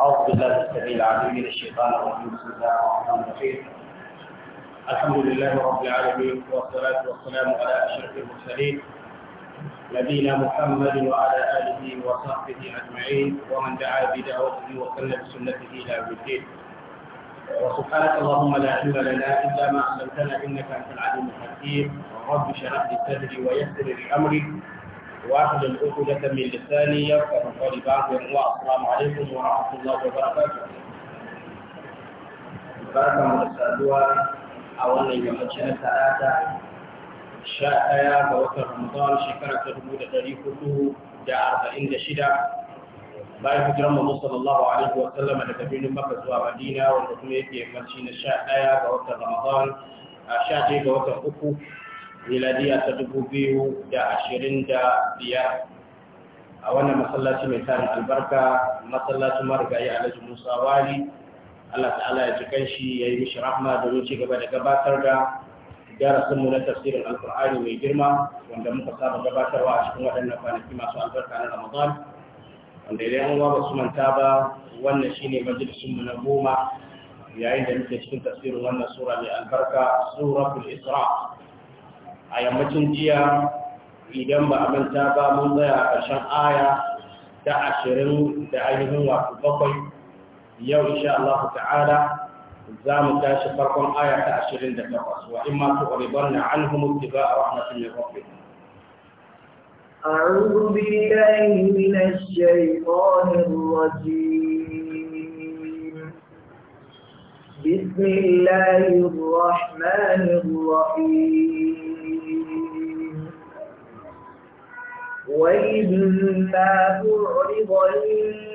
أعوذ بالله السميع العليم من الشيطان الرجيم بسم الله الرحمن الرحيم الحمد لله رب العالمين والصلاة والسلام على أشرف المرسلين نبينا محمد وعلى آله وصحبه أجمعين ومن دعا بدعوته وسلم بسنته إلى يوم الدين وسبحانك اللهم لا علم لنا إلا ما علمتنا إنك أنت العليم الحكيم رب اشرح لي صدري ويسر لي أمري واحد العقدة من لساني يفقه قولي الله السلام عليكم ورحمة الله وبركاته. بركة من السادوة أولا يمتشن ثلاثة شاء يا فوت رمضان شكرا تربو لتريكته جاء أربعين دشدة bayan hijiran manzo sallallahu alaihi wa sallama daga birnin Makka zuwa Madina wanda kuma yake mace na 11 ga miladiya ta dubu biyu da ashirin da biyar a wannan masallaci mai tarin albarka masallacin marigayi alhaji musa wali allah ta'ala ya ji kanshi ya yi mishi rahma domin ci gaba da gabatar da mu na tafsirin alkur'ani mai girma wanda muka saba gabatarwa a cikin waɗannan kwanaki masu albarka na ramadan wanda idan an ba su manta ba wannan shine mu na goma yayin da muke cikin tafsirin wannan sura mai albarka suratul isra a yammacin jiya idan ba a manta ba mun tsaya a ƙarshen aya ta ashirin da ainihin wasu bakwai yau insha Allah ta'ala za mu tashi farkon aya ta ashirin da takwas wa in ma tuƙaribar na an humu tiba a rahmatin ya rafi أعوذ بالله من الشيطان الرجيم بسم الله الرحمن الرحيم وإما تعرضن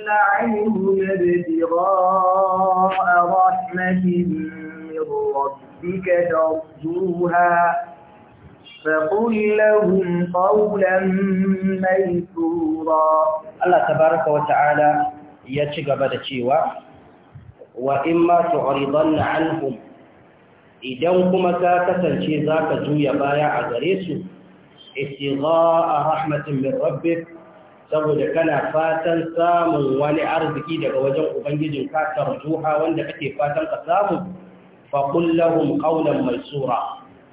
عنه ابتغاء رحمة من ربك ترجوها فقل لهم قولا ميسورا الله تبارك وتعالى يتشق بدا شيوا وإما تعرضن عنهم idan kuma ka kasance za ka juya baya a gare su istigha'a rahmatin min rabbik saboda kana fatan samun wani arziki daga wajen ubangijin ka tarjuha wanda kake fatan ka samu fa qul lahum qawlan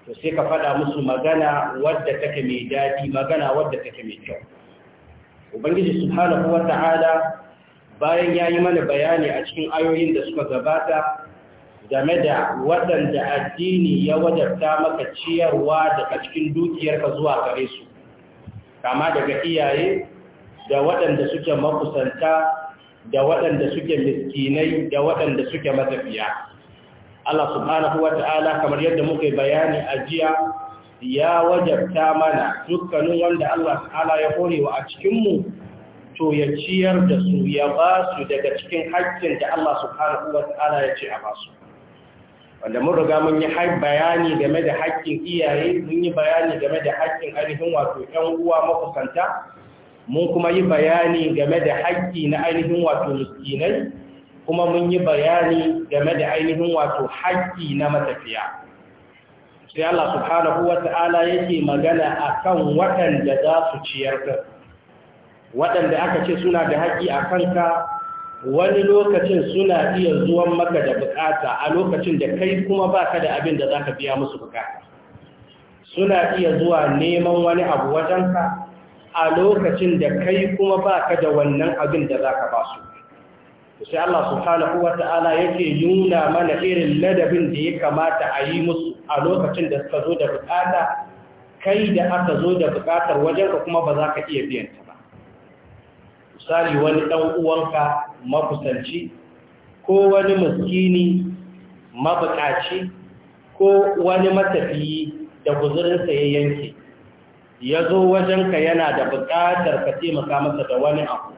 to sai ka fada musu magana wadda take mai dadi magana wadda take mai kyau ubangiji subhanahu wata'ala bayan yayi mana bayani a cikin ayoyin da suka gabata game da waɗanda addini ya wajabta maka ciyarwa daga cikin dukiyarka zuwa gare su kama daga iyaye da waɗanda suke makusanta da waɗanda suke miskinai da waɗanda suke matafiya Allah subhanahu wata'ala kamar yadda muke bayani a jiya ya wajabta mana dukkanin wanda Allah ta'ala ya korewa a cikinmu to ya ciyar da su ya ba su daga cikin haƙƙin da Allah subhanahu wata'ala ya ce a ba su wanda mun riga mun yi bayani game da haƙƙin iyaye mun yi bayani game da haƙƙin ainihin wato ƴan uwa makusanta mun kuma yi bayani game da haƙƙi na ainihin wato miskinai kuma mun yi bayani game da ainihin wato haƙƙi na matafiya sai Allah subhanahu wata'ala yake magana akan waɗanda za su ciyar da waɗanda aka ce suna da haƙƙi a ka wani lokacin suna iya zuwan maka da bukata a lokacin da kai kuma ba ka da abin da za ka biya musu bukata suna iya zuwa neman wani abu wajenka a lokacin da kai kuma ba ka da wannan abin da za ka ba su sai Allah subhanahu ta'ala yake nuna mana irin ladabin da ya kamata a yi musu a lokacin da suka zo da bukata kai da aka zo da bukatar wajenka kuma ba za ka iya biyanta misali wani ɗan uwanka makusanci ko wani muskini mabukaci ko wani matafiyi da guzurinsa ya yanke ya zo wajenka yana da buƙatar ka taimaka masa da wani abu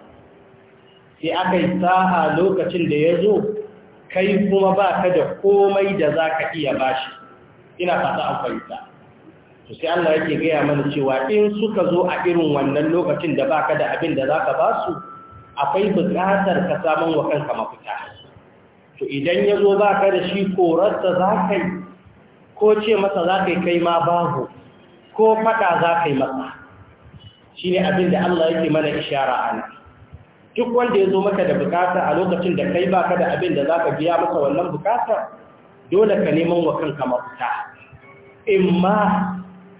sai aka yi sa'a lokacin da ya zo kai kuma ba ka da komai da za ka iya bashi ina fata an fahimta to sai Allah yake gaya mana cewa in suka zo a irin wannan lokacin da baka da abin da zaka ba su akwai buƙatar ka samun wa kanka mafita to idan ya zo baka da shi korarsa za ka yi ko ce masa za kai ma babu ko faɗa za yi masa shi abin da Allah yake mana ishara a nan duk wanda ya zo maka da bukata a lokacin da kai baka da abin da za biya masa wannan bukata dole ka neman wa kanka mafita in ma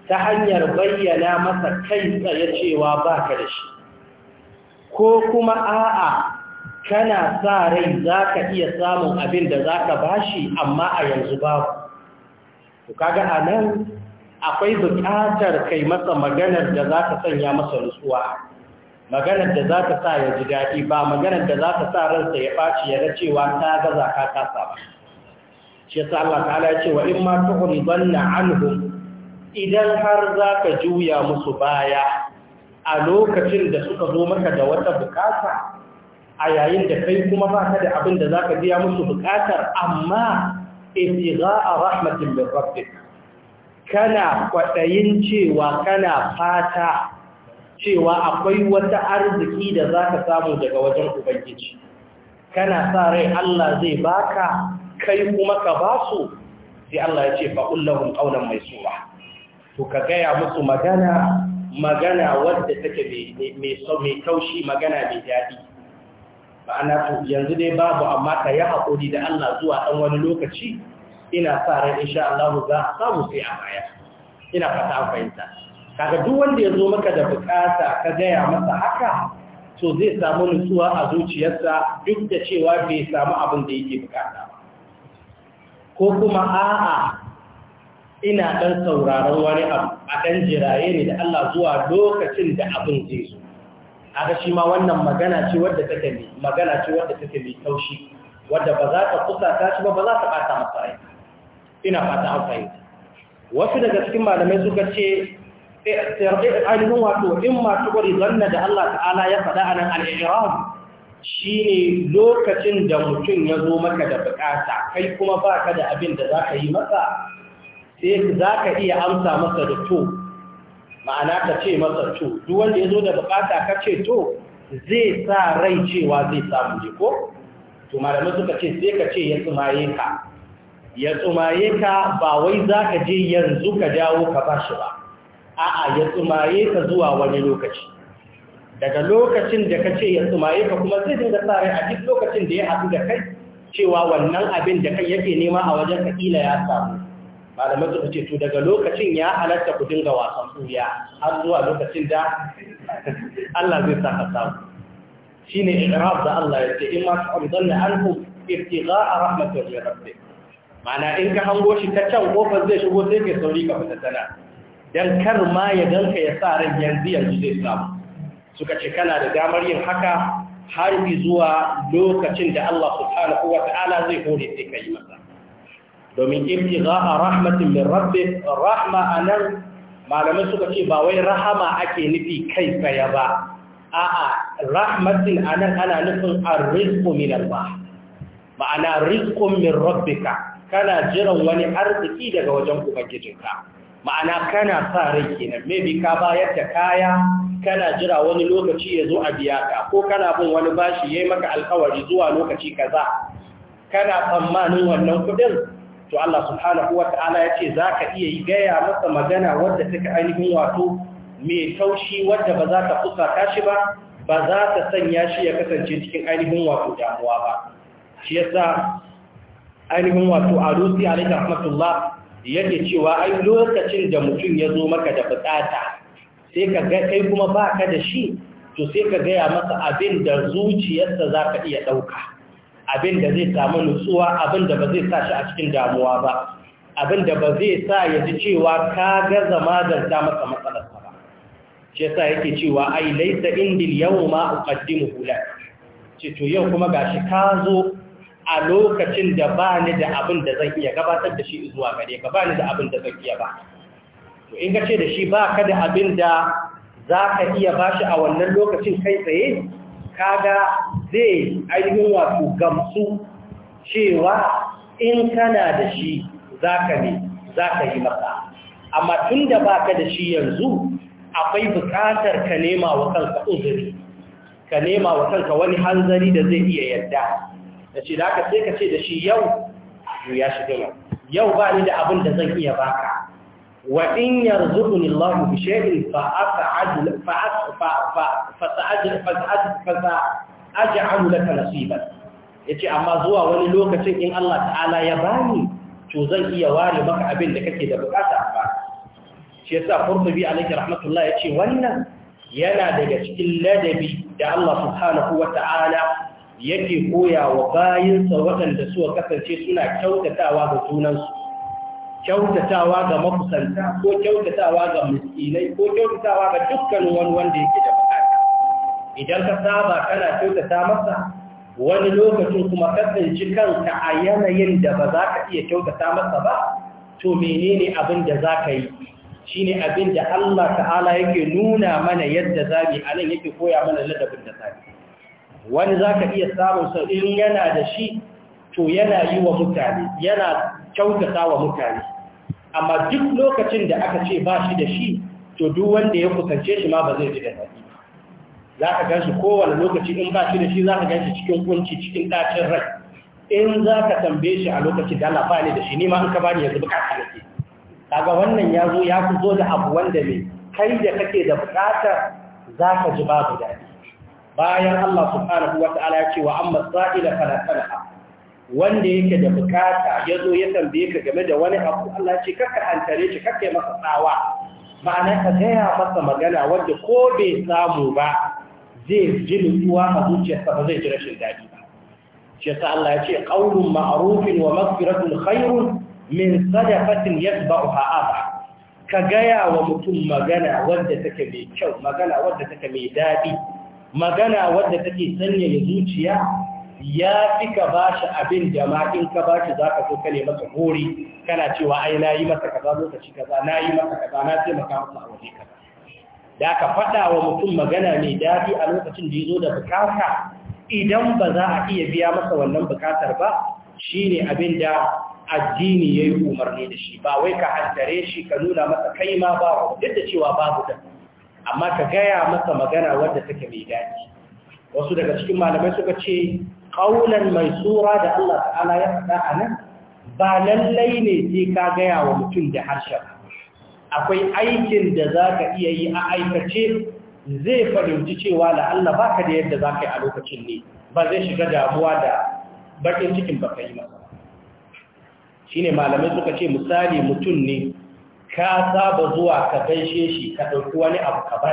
ta hanyar bayyana masa kai tsaye cewa ba ka da shi ko kuma a'a kana sa rai za ka iya samun abin da za ka shi amma a yanzu ku. to kaga a nan akwai buƙatar kai masa maganar da za ka sanya masa nutsuwa maganar da za ka sa ya ji daɗi ba maganar da za ka sa ransa ya ɓaci ya ga cewa ta gaza ka kasa ba shi yasa Allah ta'ala ya ce wa in ma banna anhum idan har za ka juya musu baya a lokacin da suka zo maka da wata bukata a yayin da kai kuma ba ka da abin da za ka biya musu bukatar amma za a rahmatin bin rabbi kana kwaɗayin cewa kana fata cewa akwai wata arziki da za ka samu daga wajen ubangiji kana sa rai Allah zai baka kai kuma ka basu sai Allah ya ce fa'ullahun ƙaunar mai suwa to ka gaya musu magana magana wadda take mai taushi magana mai daɗi ma'ana to yanzu dai babu amma ka yi haƙuri da Allah zuwa ɗan wani lokaci ina sa ran insha Allah za a samu sai a baya ina fata fahimta kaga duk wanda ya zo maka da bukata ka gaya masa haka to zai samu nutsuwa a zuciyarsa duk da cewa bai samu abin da yake bukata ba ko kuma a'a ina ɗan sauraron wani abu a ɗan jiraye ne da Allah zuwa lokacin da abin zai zo. Haka shi ma wannan magana ce wadda take mai magana ce wadda take mai taushi wadda ba za ta kusa ta shi ba ba za ta ɓata amfani. Ina fata amfani. Wasu daga cikin malamai suka ce eh, eh, eh, ainihin wato in masu gwari zanna da Allah ta'ala ya faɗa a nan al'iram shi ne lokacin da mutum ya zo maka da bukata kai kuma ba ka da abin da za ka yi masa sai za ka iya amsa masa da to ma'ana ka ce masa to duk wanda ya zo da bukata ka ce to zai sa rai cewa zai samu ne ko to malamai suka ce sai ka ce ya tsumaye ka ya tsumaye ka ba wai za ka je yanzu ka jawo ka ba shi ba a'a ya tsumaye ka zuwa wani lokaci daga lokacin da ka ce ya tsumaye ka kuma zai dinga sa rai a duk lokacin da ya haɗu da kai cewa wannan abin da kai yake nema a wajen ka kila ya samu malamai suka ce to daga lokacin ya halatta ku dinga wasan ɓuya har zuwa lokacin da Allah zai saka samu shi ne irab da Allah ya ce in ma su zanna an ku iftiga a rahmatar ya rabbi mana in ka hango shi ta can kofar zai shigo sai ke sauri ka fita tana dan kar ma ya danka ya sa ran yanzu yanzu zai samu suka ce kana da damar yin haka har zuwa lokacin da Allah subhanahu wa ta'ala zai hore sai ka yi masa domin ibtigha'a rahmatin min rabbi rahma anan malamai suka ce ba wai rahama ake nufi kai tsaye ba a'a rahmatin anan ana nufin arrizqu min Allah ma'ana rizqun min rabbika kana jiran wani arziki daga wajen ubangijinka ma'ana kana sa rai kenan maybe ka bayar da kaya kana jira wani lokaci ya zo a biya ka ko kana bin wani bashi yayi maka alƙawari zuwa lokaci kaza kana tsammanin wannan kuɗin to Allah subhanahu wa ta'ala ya ce za ka iya yi gaya masa magana wadda take ainihin wato mai taushi wadda ba za ta fusata shi ba ba za ta sanya shi ya kasance cikin ainihin wato damuwa ba shi yasa ainihin wato arusi alaihi rahmatullah yake cewa ai lokacin da mutum ya zo maka da bukata sai ka ga kai kuma baka da shi to sai ka gaya masa abin da zuciyarsa za ka iya ɗauka abin da zai samu nutsuwa abin da ba zai sa shi a cikin damuwa ba abin da ba zai sa ya ji cewa ka gaza mazarta masa matsalarsa ba shi yasa yake cewa ai laisa indil yawma uqaddimu lak ce to yau kuma gashi ka zo a lokacin da ba ni da abin da zan iya gabatar da shi zuwa gare ka ba ni da abin da zan iya ba to in ka ce da shi ba ka da abin da za ka iya ba shi a wannan lokacin kai tsaye kaga zai ainihin wato gamsu cewa in kana da shi za ka ne za ka yi maka amma tun da ba ka da shi yanzu akwai bukatar ka nema wa kanka uzuri ka nema wa kanka wani hanzari da zai iya yadda da ce da aka sai ka ce da shi yau ya shi yau yau ba ni da abin da zan iya baka wa in yarzuquni Allahu bi shay'in fa as'ad aj'alu laka nasiban yace amma zuwa wani lokacin in Allah ta'ala ya bani to zan iya ware maka abin da kake da bukata ba shi yasa Qurtubi alayhi rahmatullah yace wannan yana daga cikin ladabi da Allah subhanahu wata'ala yake koya wa bayinsa waɗanda suka kasance suna kyautatawa ga junansu kyautatawa ga makusanta ko kyautatawa ga miskinai ko kyautatawa ga dukkan wani wanda yake da idan ka saba kana kyautata masa wani lokacin kuma kasance kanka a yanayin da ba za ka iya kyautata masa ba to menene abin da za ka yi shi ne abin da Allah ta'ala yake nuna mana yadda zabi a nan yake koya mana ladabin da zabi wani za ka iya samun sau in yana da shi to yana yi wa mutane yana kyautata wa mutane amma duk lokacin da aka ce ba shi da shi to duk wanda ya kusance shi ma ba zai ji da za ka gan kowane lokaci in ba shi da shi za ka gan shi cikin kunci cikin ɗacin rai in za ka tambaye shi a lokaci da lafa ne da shi nima an ka ba ni yanzu da ke daga wannan ya zo ya zo da abu wanda ne kai da kake da bukatar za ka ji babu daɗi bayan Allah subhanahu wa ta'ala ya ce wa amma sa'ila fala talaha wanda yake da bukata ya zo ya tambaye ka game da wani abu Allah ce kakka hantare shi kakka masa tsawa ma'ana ka gaya masa magana wanda ko bai samu ba zai ji nutsuwa a zuciyarsa ba zai ji rashin daɗi ba shi yasa Allah ya ce qaulun ma'rufin wa maghfiratun khairun min sadaqatin yatba'uha adha ka gaya wa mutum magana wanda take mai kyau magana wanda take mai daɗi magana wanda take sanya ya zuciya ya fi ka ba shi abin da in ka ba shi za ka so ka ne masa hori kana cewa ai na yi masa kaza lokaci kaza na yi masa kaza na taimaka masa a waje kaza da ka faɗa wa mutum magana mai daɗi a lokacin da ya zo da bukata idan ba za a iya biya masa wannan bukatar ba shi ne abin da addini ya yi umarni da shi ba wai ka hantare shi ka nuna masa kai ma ba duk da cewa babu da amma ka gaya masa magana wadda take mai daɗi wasu daga cikin malamai suka ce ƙaunar mai tsura da Allah ta'ala ya faɗa a nan ba lallai ne sai ka gaya wa mutum da harshen akwai aikin da za ka iya yi a aikace zai fahimci cewa da Allah ba ka da yadda za ka yi a lokacin ne ba zai shiga damuwa da bakin cikin ba ka yi masa shi ne malamai suka ce misali mutum ne ka saba zuwa ka gaishe shi ka ɗauki wani abu ka ba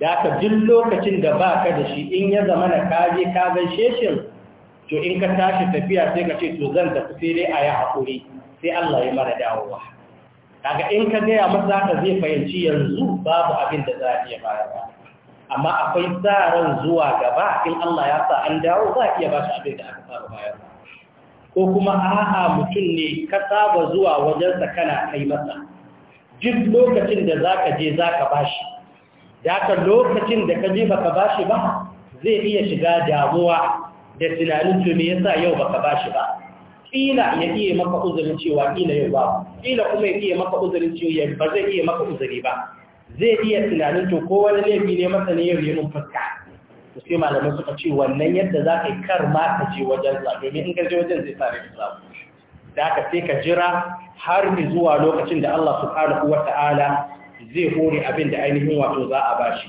da aka jin lokacin da ba ka da shi in ya zama na kaje ka gaishe shi to in ka tashi tafiya sai ka ce to zan tafi sai dai a yi haƙuri sai Allah ya mara dawowa kaga in ka gaya masa haka zai fahimci yanzu babu abin da za a iya bayarwa amma akwai tsaron zuwa gaba in Allah ya sa an dawo za a iya ba abin da aka saba bayarwa ko kuma a'a mutum ne ka saba zuwa wajensa kana kai masa duk lokacin da za ka je za ka ba da lokacin da ka je ba ka ba ba zai iya shiga damuwa da tunanin to me yasa yau ba ka ba ba kila ya iya maka uzurin cewa kila yau ba kila kuma ya iya maka uzurin cewa ba zai iya maka uzuri ba zai iya tunanin to ko wani laifi ne masa ne yau ne mun fuska sai malamai suka ce wannan yadda za ka yi kar ma ka je wajen sa domin in ka je wajen zai sa rai samu da aka sai ka jira har ni zuwa lokacin da Allah subhanahu Ta'ala zai hore abin da ainihin wato za a bashi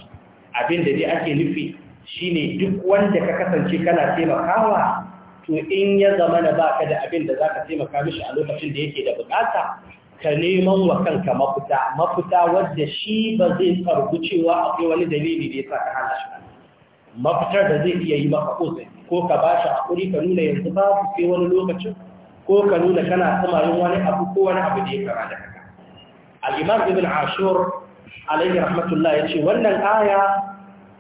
abin da dai ake nufi shine duk wanda ka kasance kana taimakawa to in ya zama na baka da abin da zaka taimaka mishi a lokacin da yake da bukata ka neman wa kanka mafita mafita wadda shi ba zai farku cewa akwai wani dalili da ya sa hana shi mafitar da zai iya yi maka kozai ko ka ba shi hakuri ka nuna yanzu ba ku sai wani lokacin ko ka nuna kana samarin wani abu ko wani abu da ya kama da kaka al-imam ibn ashur alayhi rahmatullah yace wannan aya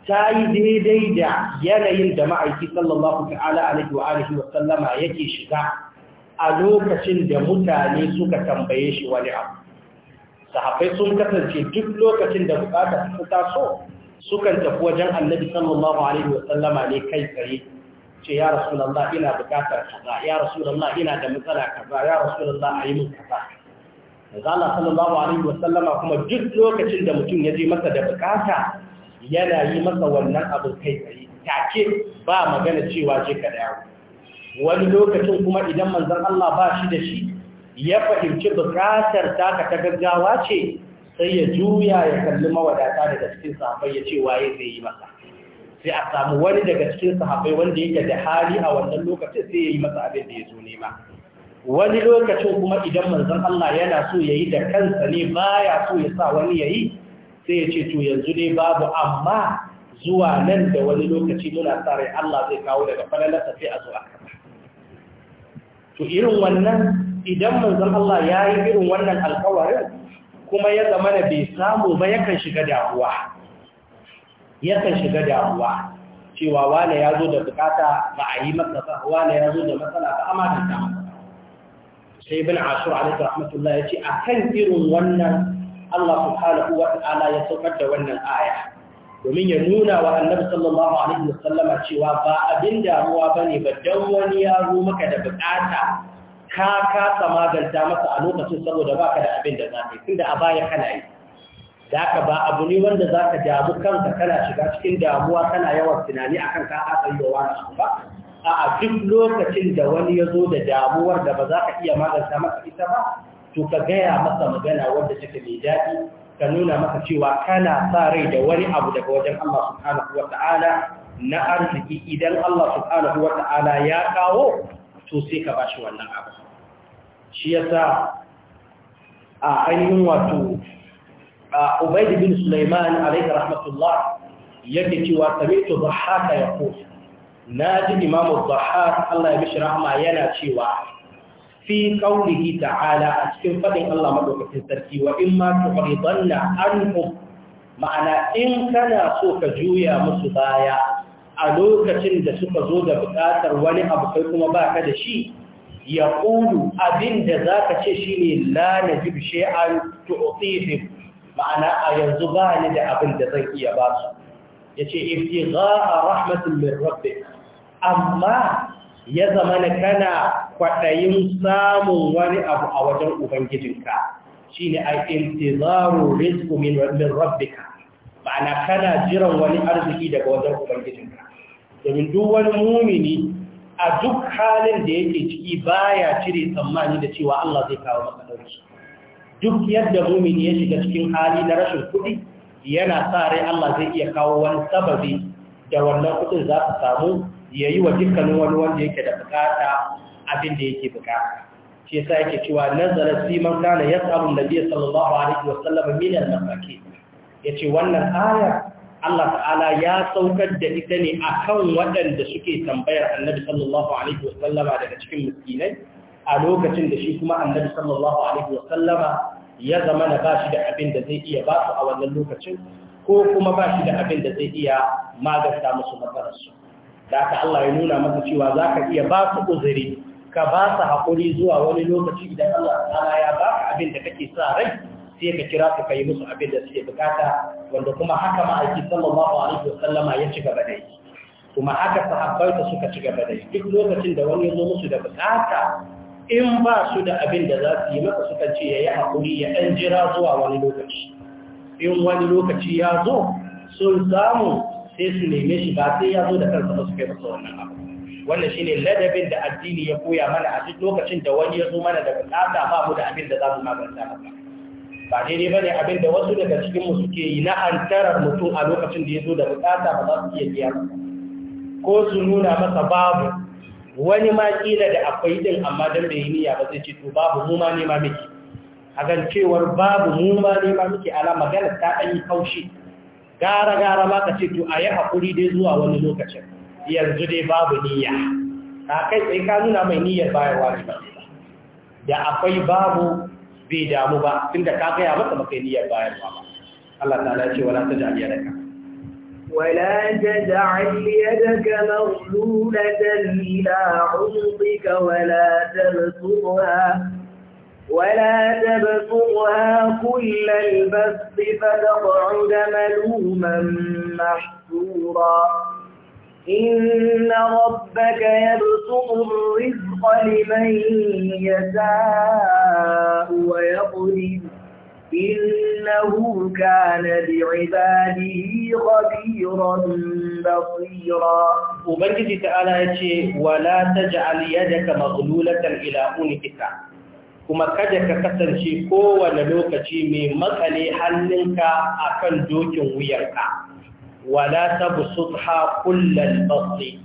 ta yi daidai da yanayin da ma'aiki sallallahu ta'ala alaihi wa sallama yake shiga a lokacin da mutane suka tambaye shi wani abu sahabbai sun kasance duk lokacin da bukata su taso sukan tafi wajen annabi sallallahu alaihi wa sallama ne kai tsaye ce ya rasulallah ina bukatar kaza ya rasulallah ina da matsala kaza ya rasulallah rasulullah ayi min kaza manzo sallallahu alaihi wa sallama kuma duk lokacin da mutum ya je masa da bukata yana yi masa wannan abin kai tsaye take ba magana cewa je ka dawo wani lokacin kuma idan manzon Allah ba shi da shi ya fahimci bukatar taka ta gaggawa ce sai ya juya ya kalli mawadata daga cikin sahabbai ya ce waye zai yi masa sai a samu wani daga cikin sahabbai wanda yake da hali a wannan lokacin sai ya yi masa abin da ya zo nema wani lokacin kuma idan manzon Allah yana so ya yi da kansa ne baya so ya sa wani ya yi sai ya ce to yanzu ne babu amma zuwa nan da wani lokaci muna tsare Allah zai kawo daga falalarsa sai a zo a kama to irin wannan idan manzon Allah ya yi irin wannan alkawarin kuma ya zama da bai samu ba yakan shiga damuwa yakan shiga damuwa cewa wane ya zo da bukata ba a yi masa wane ya zo da matsala ba amma da dama sai bin ashur alaihi rahmatullah ya ce a kan irin wannan Allah subhanahu wa ta'ala ya saukar da wannan aya domin ya nuna wa annabi sallallahu alaihi wasallama cewa ba abin damuwa bane ba dan wani ya zo maka da bukata ka kasa maganta masa a lokacin saboda baka da abin da zaka yi tunda a baya kana yi zaka ba abu ne wanda zaka damu kanka kana shiga cikin damuwa kana yawan tunani akan ka kasa yi wa wani ba a duk lokacin da wani ya zo da damuwar da ba za ka iya maganta masa ita ba to ka gaya masa magana wanda take mai daɗi ka nuna maka cewa kana sa rai da wani abu daga wajen Allah subhanahu wata'ala na arziki idan Allah subhanahu wata'ala ya kawo to sai ka bashi wannan abu shi yasa a ainihin wato Ubaid bin Sulaiman alayhi rahmatullah yake cewa sami'tu dhahaka yaqul naji imamu dhahak Allah ya bishi rahma yana cewa fi ta ta'ala a cikin fadin Allah madaukakin sarki wa in ma tuqridanna anhum ma'ana in kana so ka juya musu baya a lokacin da suka zo da bukatar wani abu kai kuma baka da shi ya ƙulu abin da za ka ce shi ne lana jibshe an tu'utifin ma'ana a yanzu ba ni da abin da zan iya ba su ya ce ifti za a rahmatin min rabbi amma ya zama na kana kwaɗayin samun wani abu a wajen ubangijinka shine ai intizaru risku min rabbika ma'ana kana jiran wani arziki daga wajen ubangijinka domin duk wani mumini a duk halin da yake ciki baya cire tsammani da cewa Allah zai kawo masa dauki duk yadda mumini ya shiga cikin hali na rashin kuɗi yana sa rai Allah zai iya kawo wani sababi da wannan kuɗin za su samu ya yi wa dukkanin wani wanda yake da bukata abin da yake bukata shi yasa yake cewa nazara fi man kana yas'alu nabiyyi sallallahu alaihi wasallam min al-mafaki yace wannan aya Allah ta'ala ya saukar da ita ne akan waɗanda suke tambayar Annabi sallallahu alaihi wasallama daga cikin miskinai a lokacin da shi kuma Annabi sallallahu alaihi wasallama ya zama na bashi da abin da zai iya basu a wannan lokacin ko kuma bashi da abin da zai iya maganta musu matsalarsu da aka Allah ya nuna masa cewa za ka iya ba su uzuri ka ba su haƙuri zuwa wani lokaci idan Allah ta'ala ya ba ka abin da kake sa rai sai ka kira su kai musu abin da suke bukata wanda kuma haka aiki sallallahu alaihi wasallama ya ci gaba da yi kuma haka sahabbai da suka ci gaba da yi duk lokacin da wani ya zo musu da bukata in ba su da abin da za su yi maka suka ce ya yi haƙuri ya ɗan jira zuwa wani lokaci in wani lokaci ya zo sun samu sai su neme shi ba sai ya zo da kansa ba su kai masa wannan abu wannan shine ladabin da addini ya koya mana a duk lokacin da wani ya zo mana da bukata ba mu da abin da za mu maganta maka ba dai daidai bane abin da wasu daga cikin mu suke yi na antarar mutum a lokacin da ya zo da bukata ba za su iya biya ko su nuna masa babu wani ma kila da akwai din amma dan bai yi niyya ba zai ce to babu mu ma ne ma miki hakan cewar babu mu ma ne ma miki ala magana ta dan yi kaushi gara gara ma ka ce to ayi hakuri dai zuwa wani lokacin yanzu dai babu niyya ta kai sai ka nuna mai niyyar bayarwa ne ba da akwai babu bai damu ba tun da ka gaya masa makai niyyar bayarwa ba Allah ta ce wala ta ja'al yadaka ولا تدع يدك مغلولة إلى عنقك ولا تبسطها ولا تبسطها كل البسط فتقعد ملوما محسورا إن ربك يبسط الرزق لمن يشاء ويقدر إنه كان بعباده خبيرا بصيرا وبنجي تعالى يتشي ولا تجعل يدك مغلولة إلى أنكك kuma kada ka kasance kowane lokaci mai makale hannunka akan dokin wuyarka wala tabsutha kullal basti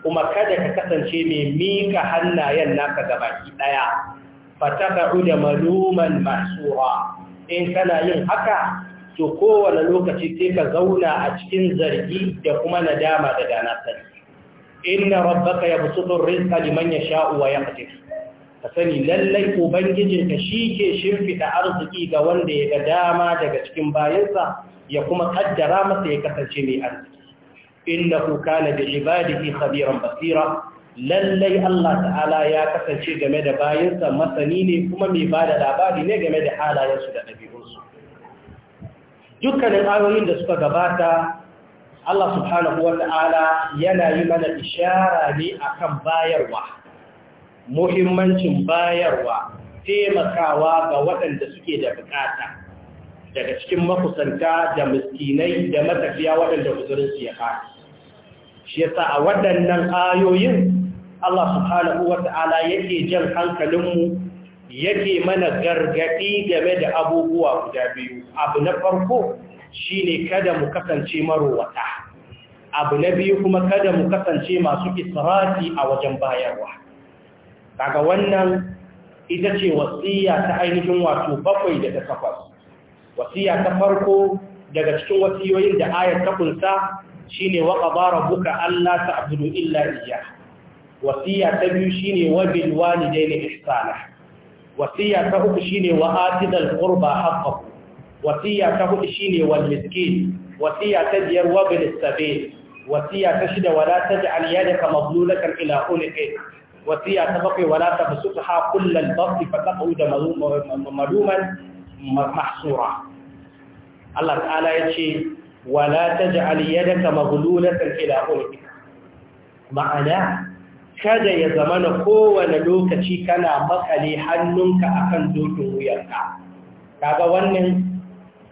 kuma kada ka kasance mai mika hannayen naka gabaki daya fataka da maluman masura in kana yin haka to kowane lokaci sai ka zauna a cikin zargi da kuma nadama da dana sani inna rabbaka yabsutu rizqa liman yasha'u wa yaqdir ka sani lallai ubangijinka shike shimfida arziki ga wanda ya ga dama daga cikin bayansa ya kuma kaddara masa ya kasance mai arziki innahu kana da ibadihi khabiran basira lallai Allah ta'ala ya kasance game da bayansa, masani ne kuma mai bada labari ne game da halayensu da ɗabi'unsu dukkanin ayoyin da suka gabata Allah subhanahu ta'ala yana yi mana ishara ne akan bayarwa muhimmancin bayarwa taimakawa ga waɗanda suke da bukata daga cikin makusanta da miskinai da matafiya waɗanda su ya kare. shi yasa a waɗannan ayoyin Allah subhanahu wa ta'ala yake jan hankalinmu yake mana gargaɗi game da abubuwa guda biyu abu na farko shine kada mu kasance marowata abu na biyu kuma kada mu kasance masu israfi a wajen bayarwa daga wannan ita ce wasiya ta ainihin wato bakwai da ta takwas wasiya ta farko daga cikin wasiyoyin da ayar ta kunsa shine wa qadara buka alla ta'budu illa iyyah wasiya ta biyu shine wa bil walidayni ihsana wasiya ta uku shine wa atidal qurba haqqahu wasiya ta hudu shine wal miskin wasiya ta biyar wa bil sabil wasiya ta shida wala taj'al yadaka maghlulatan ila unuqik wasiya ta bakwai wala tabsutha kullal basti fataqud maluman mahsura Allah ta'ala ya ce wala taj'al yadaka maghlulatan ila ulqika ma'ana kada ya zamana kowane lokaci kana makale hannunka akan dokin wuyarka kaga wannan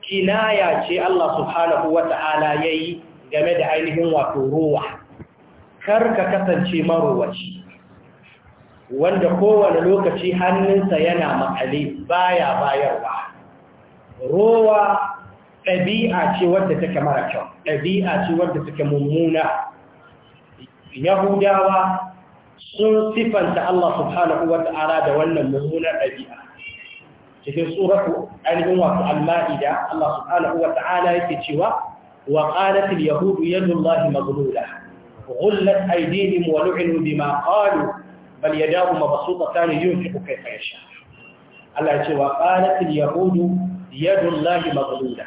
kinaya ce Allah subhanahu wata'ala yayi game da ainihin wato ruwa kar ka kasance marowaci wanda kowane lokaci hannunsa yana makale baya bayarwa rowa ɗabi'a ce wadda take mara kyau ɗabi'a ce wadda take mummuna yahudawa sun sifanta Allah subhanahu wa ta'ala da wannan mummunar ɗabi'a cikin suratu ainihin wato al-ma'ida Allah subhanahu wa ta'ala yake cewa wa qalat al-yahudu yadullahi maghlula ghullat aydihim wa lu'inu bima qalu bal yadahu mabsuutatan yunfiqu kayfa yasha Allah ya ce wa qalat al-yahudu yadullahi maghluda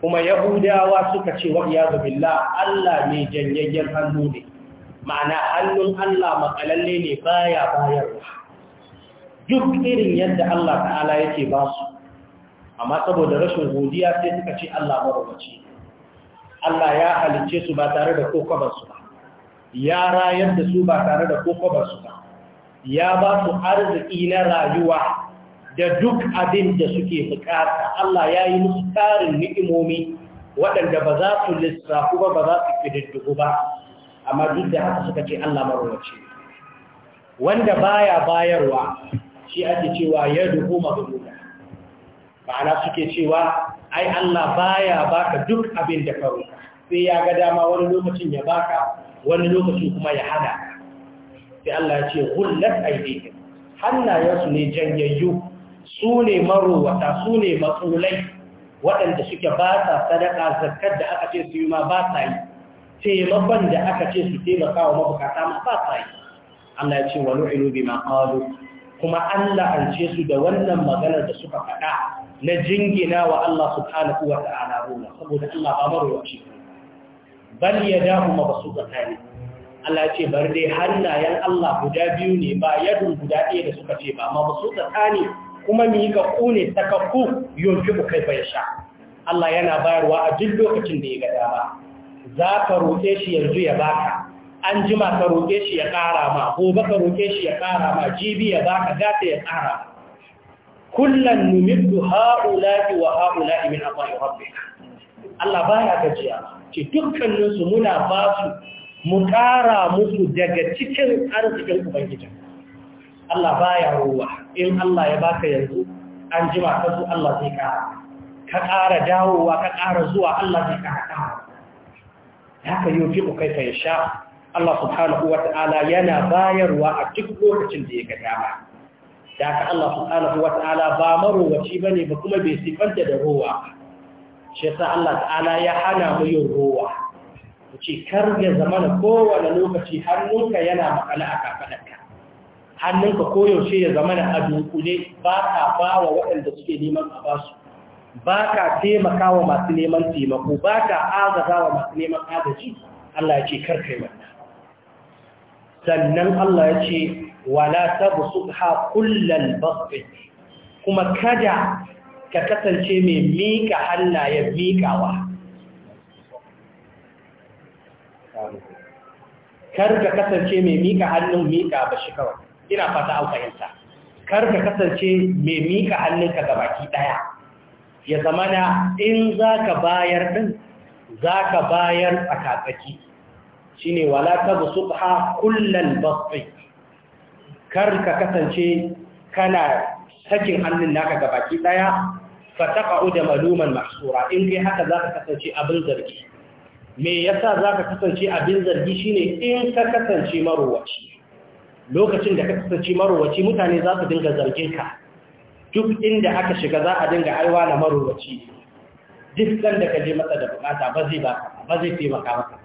kuma yahudawa suka ce wa iyadu billah Allah ne janyayyar hannu ne ma'ana hannun Allah makalalle ne baya bayarwa duk irin yadda Allah ta'ala yake ba su amma saboda rashin godiya sai suka ce Allah marubaci Allah ya halicce su ba tare da kokobar ba ya rayar da su ba tare da kokobar ba ya ba su arziki na rayuwa da duk abin da suke bukata Allah ya yi musu tarin ni'imomi waɗanda ba za su lissafu ba ba za su ƙididdigu ba amma duk da haka suka ce Allah marwaci wanda baya bayarwa shi ake cewa ya duhu Ba ana suke cewa ai Allah baya baka duk abin da faru. sai ya ga dama wani lokacin ya baka wani lokacin kuma ya hana sai Allah ya ce hullat aidihim hannayensu ne janyayyu su ne marowata su ne matsulai waɗanda suke ba ta sadaka zarkar da aka ce su yi ma ba ta yi taimakon da aka ce su taimaka wa mabukata ma ba ta yi Allah ya ce wa lu'inu bima qalu kuma Allah an ce su da wannan maganar da suka faɗa na jingina wa Allah su subhanahu wa ta'ala ruwa saboda Allah ba marwaci bal yadahu ne? Allah ya ce bar dai hannayen Allah guda biyu ne ba yadun guda ɗaya da suka ce ba Ma ba su mabsuutatan kuma mu yi ga kune takakku yunfi ku kai bai sha Allah yana bayarwa a duk lokacin da ya ga dama za ka roƙe shi yanzu ya baka an jima ka roƙe shi ya ƙara ma gobe ka roƙe shi ya ƙara ma jibi ya baka gata ya ƙara kullan numiddu ha'ula'i wa ha'ula'i min abai rabbika Allah baya gajiya ce dukkaninsu muna ba su mu ƙara musu daga cikin arzikin Ubangijin. Allah baya ruwa in Allah ya baka yanzu an jima ka zo Allah zai ƙara ka ƙara dawowa ka ƙara zuwa Allah zai ƙara ƙara haka yi fi kai ka sha Allah subhanahu wa ta'ala yana bayarwa a duk lokacin da ya ga dama da haka Allah subhanahu wa ta'ala ba marowaci ba kuma bai sifanta da ruwa ba shi sa Allah ta'ala ya hana mu yin ruwa ce kar ya zama da kowane lokaci hannunka yana makala a kafaɗarka hannunka koyaushe ya zama na a dunkule ba ka ba wa waɗanda suke neman a ba su ba ka taimaka wa masu neman taimako ba ka agaza wa masu neman agaji Allah ya ce karkai wannan sannan Allah ya ce wala tabsudha kullal basti kuma kada ka kasance mai miƙa hannayen miƙawa, kar ka kasance mai miƙa hannun mika ba shi kawai ina fata an kar ka kasance mai mika hannunka ga baki ɗaya ya zama na in za ka bayar din, za ka bayar a katsaki shi ne wala ta busu ha kullum basfi kar ka kasance kana sakin hannun naka ga baki ɗaya ka taɓa ƙa'u da maluman masura in kai haka za ka kasance abin zargi me yasa za ka kasance abin zargi shine in ka kasance marowaci lokacin da ka kasance marowaci mutane za su dinga zargin ka duk inda aka shiga za a dinga aiwa na marowaci duk ɗan da ka je masa da bukata ba zai ba ba zai taimaka maka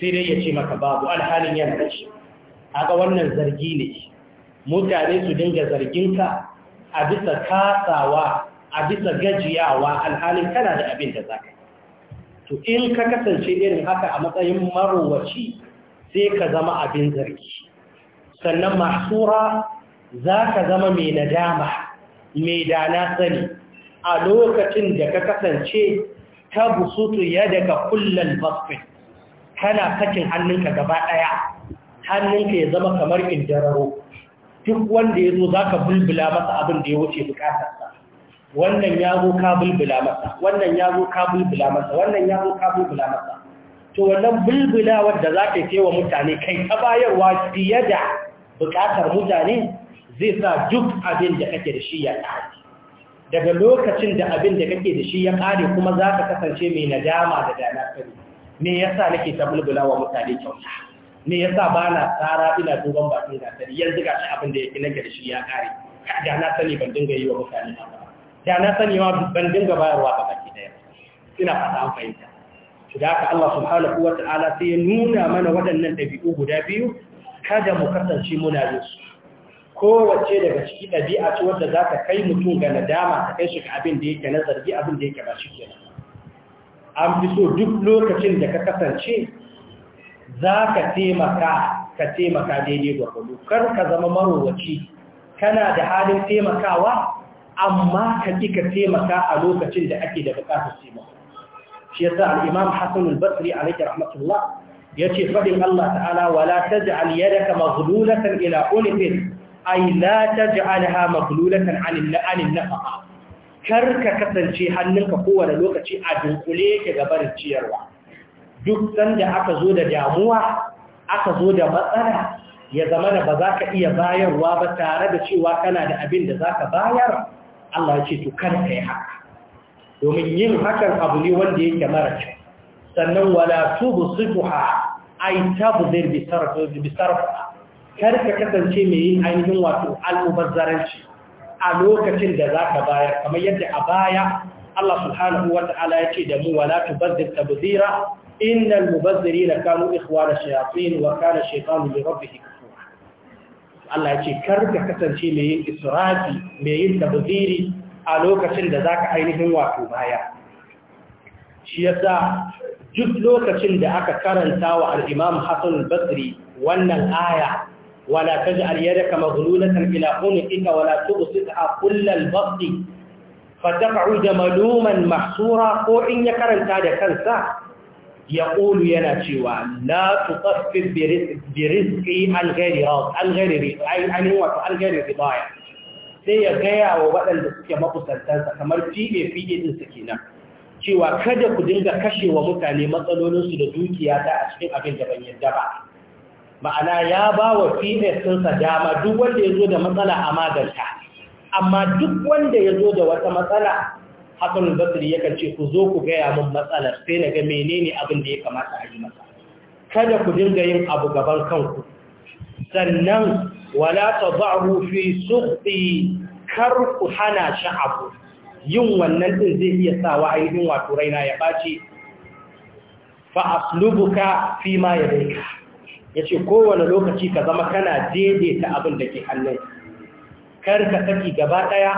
sai dai ya ce maka babu alhalin yana da shi haka wannan zargi ne mutane su dinga zargin ka a bisa kasawa a bisa gajiyawa alhalin kana da abin da zaka to in ka kasance irin haka a matsayin marowaci sai ka zama abin zargi sannan masura za ka zama mai nadama mai dana sani a lokacin da ka kasance ta busutu yadda ka kullum basfin kana kacin hannunka gaba ɗaya hannunka ya zama kamar indararo duk wanda ya zo za ka bulbula masa abin da ya wuce bukatarsa wannan ya zo ka bulbula masa wannan ya zo ka bulbula masa wannan ya zo ka bulbula masa to wannan bulbula wadda za ka yi wa mutane kai ta bayarwa fiye da buƙatar mutane zai sa duk abin da kake da shi ya ƙare daga lokacin da abin da kake da shi ya ƙare kuma za ka kasance mai nadama da dana kare me yasa nake ta bulbula wa mutane kyauta me yasa ba na tsara ina duban bakin gasari yanzu ga shi abin da yake nake da shi ya ƙare da na sani ban dinga yi wa mutane ba da na sani ma ban dinga bayarwa ba baki daya ina fata an fahimta da haka Allah subhanahu wa ta'ala sai ya nuna mana waɗannan ɗabi'u guda biyu kada mu kasance muna yin su kowace daga ciki ɗabi'a ce wadda za ta kai mutum ga nadama ta kai shi ga abin da yake na abin da yake ba shi kenan an fi so duk lokacin da ka kasance za ka taimaka ka taimaka daidai gwagwado kar ka zama marowaci kana da halin taimakawa amma ka ƙi ka taimaka a lokacin da ake da bukatar taimako shi yasa al-imam Hassanul al-basri alayhi rahmatullah yace faɗin Allah ta'ala wala taj'al yadaka maghlulatan ila ulfin ay la taj'alha maghlulatan 'anil 'anil nafaqa karka kasance hannunka kowane lokaci a dunkule yake gabarin ciyarwa duk sanda aka zo da damuwa aka zo da matsala ya zama da ba za ka iya bayarwa ba tare da cewa kana da abin da za ka bayar Allah ya ce to kada ka yi haka domin yin hakan abu ne wanda yake mara kyau sannan wala tubu sufuha ai tabzir bi sarf bi kar ka kasance mai yin ainihin wato almubazzaranci a lokacin da za ka bayar kamar yadda a baya Allah subhanahu wa ta'ala ya ce da mu wala tubazzir tabzira innal mubazzirina kanu ikhwana shayatin wa kana shaytanu li rabbi kafura Allah ya ce kar ka kasance mai yin israafi, mai yin tabziri a lokacin da za ka ainihin wato baya shi yasa duk lokacin da aka karanta wa al-Imam Hassan basri wannan aya wala taj'al yadaka maghlulatan ila ita wala tubsitha kullal basti da maluman masura ko in ya karanta da kansa ya ƙulu yana cewa la tutaffif bi rizqi wato sai ya gaya wa waɗanda suke makusantansa kamar fiye fiye din su kenan cewa kada ku dinga kashe wa mutane matsalolinsu da dukiya ta a cikin abin da ban yadda ba ma'ana ya ba wa ps sunsa dama duk wanda ya zo da matsala a maganta amma duk wanda ya zo da wata matsala hassan basiri yakan ce ku zo ku gaya min matsalar sai na ga menene abin da ya kamata a yi masa kada ku dinga yin abu gaban kanku sannan wala ta ba'ahu fi suhti kar ku hana shi abu yin wannan din zai iya sawa ainihin wato raina ya ɓace, fa’aslubuka fi ma ya ka ya ce kowane lokaci ka zama kana daidaita abin da ke hannun kar ka saki gaba ɗaya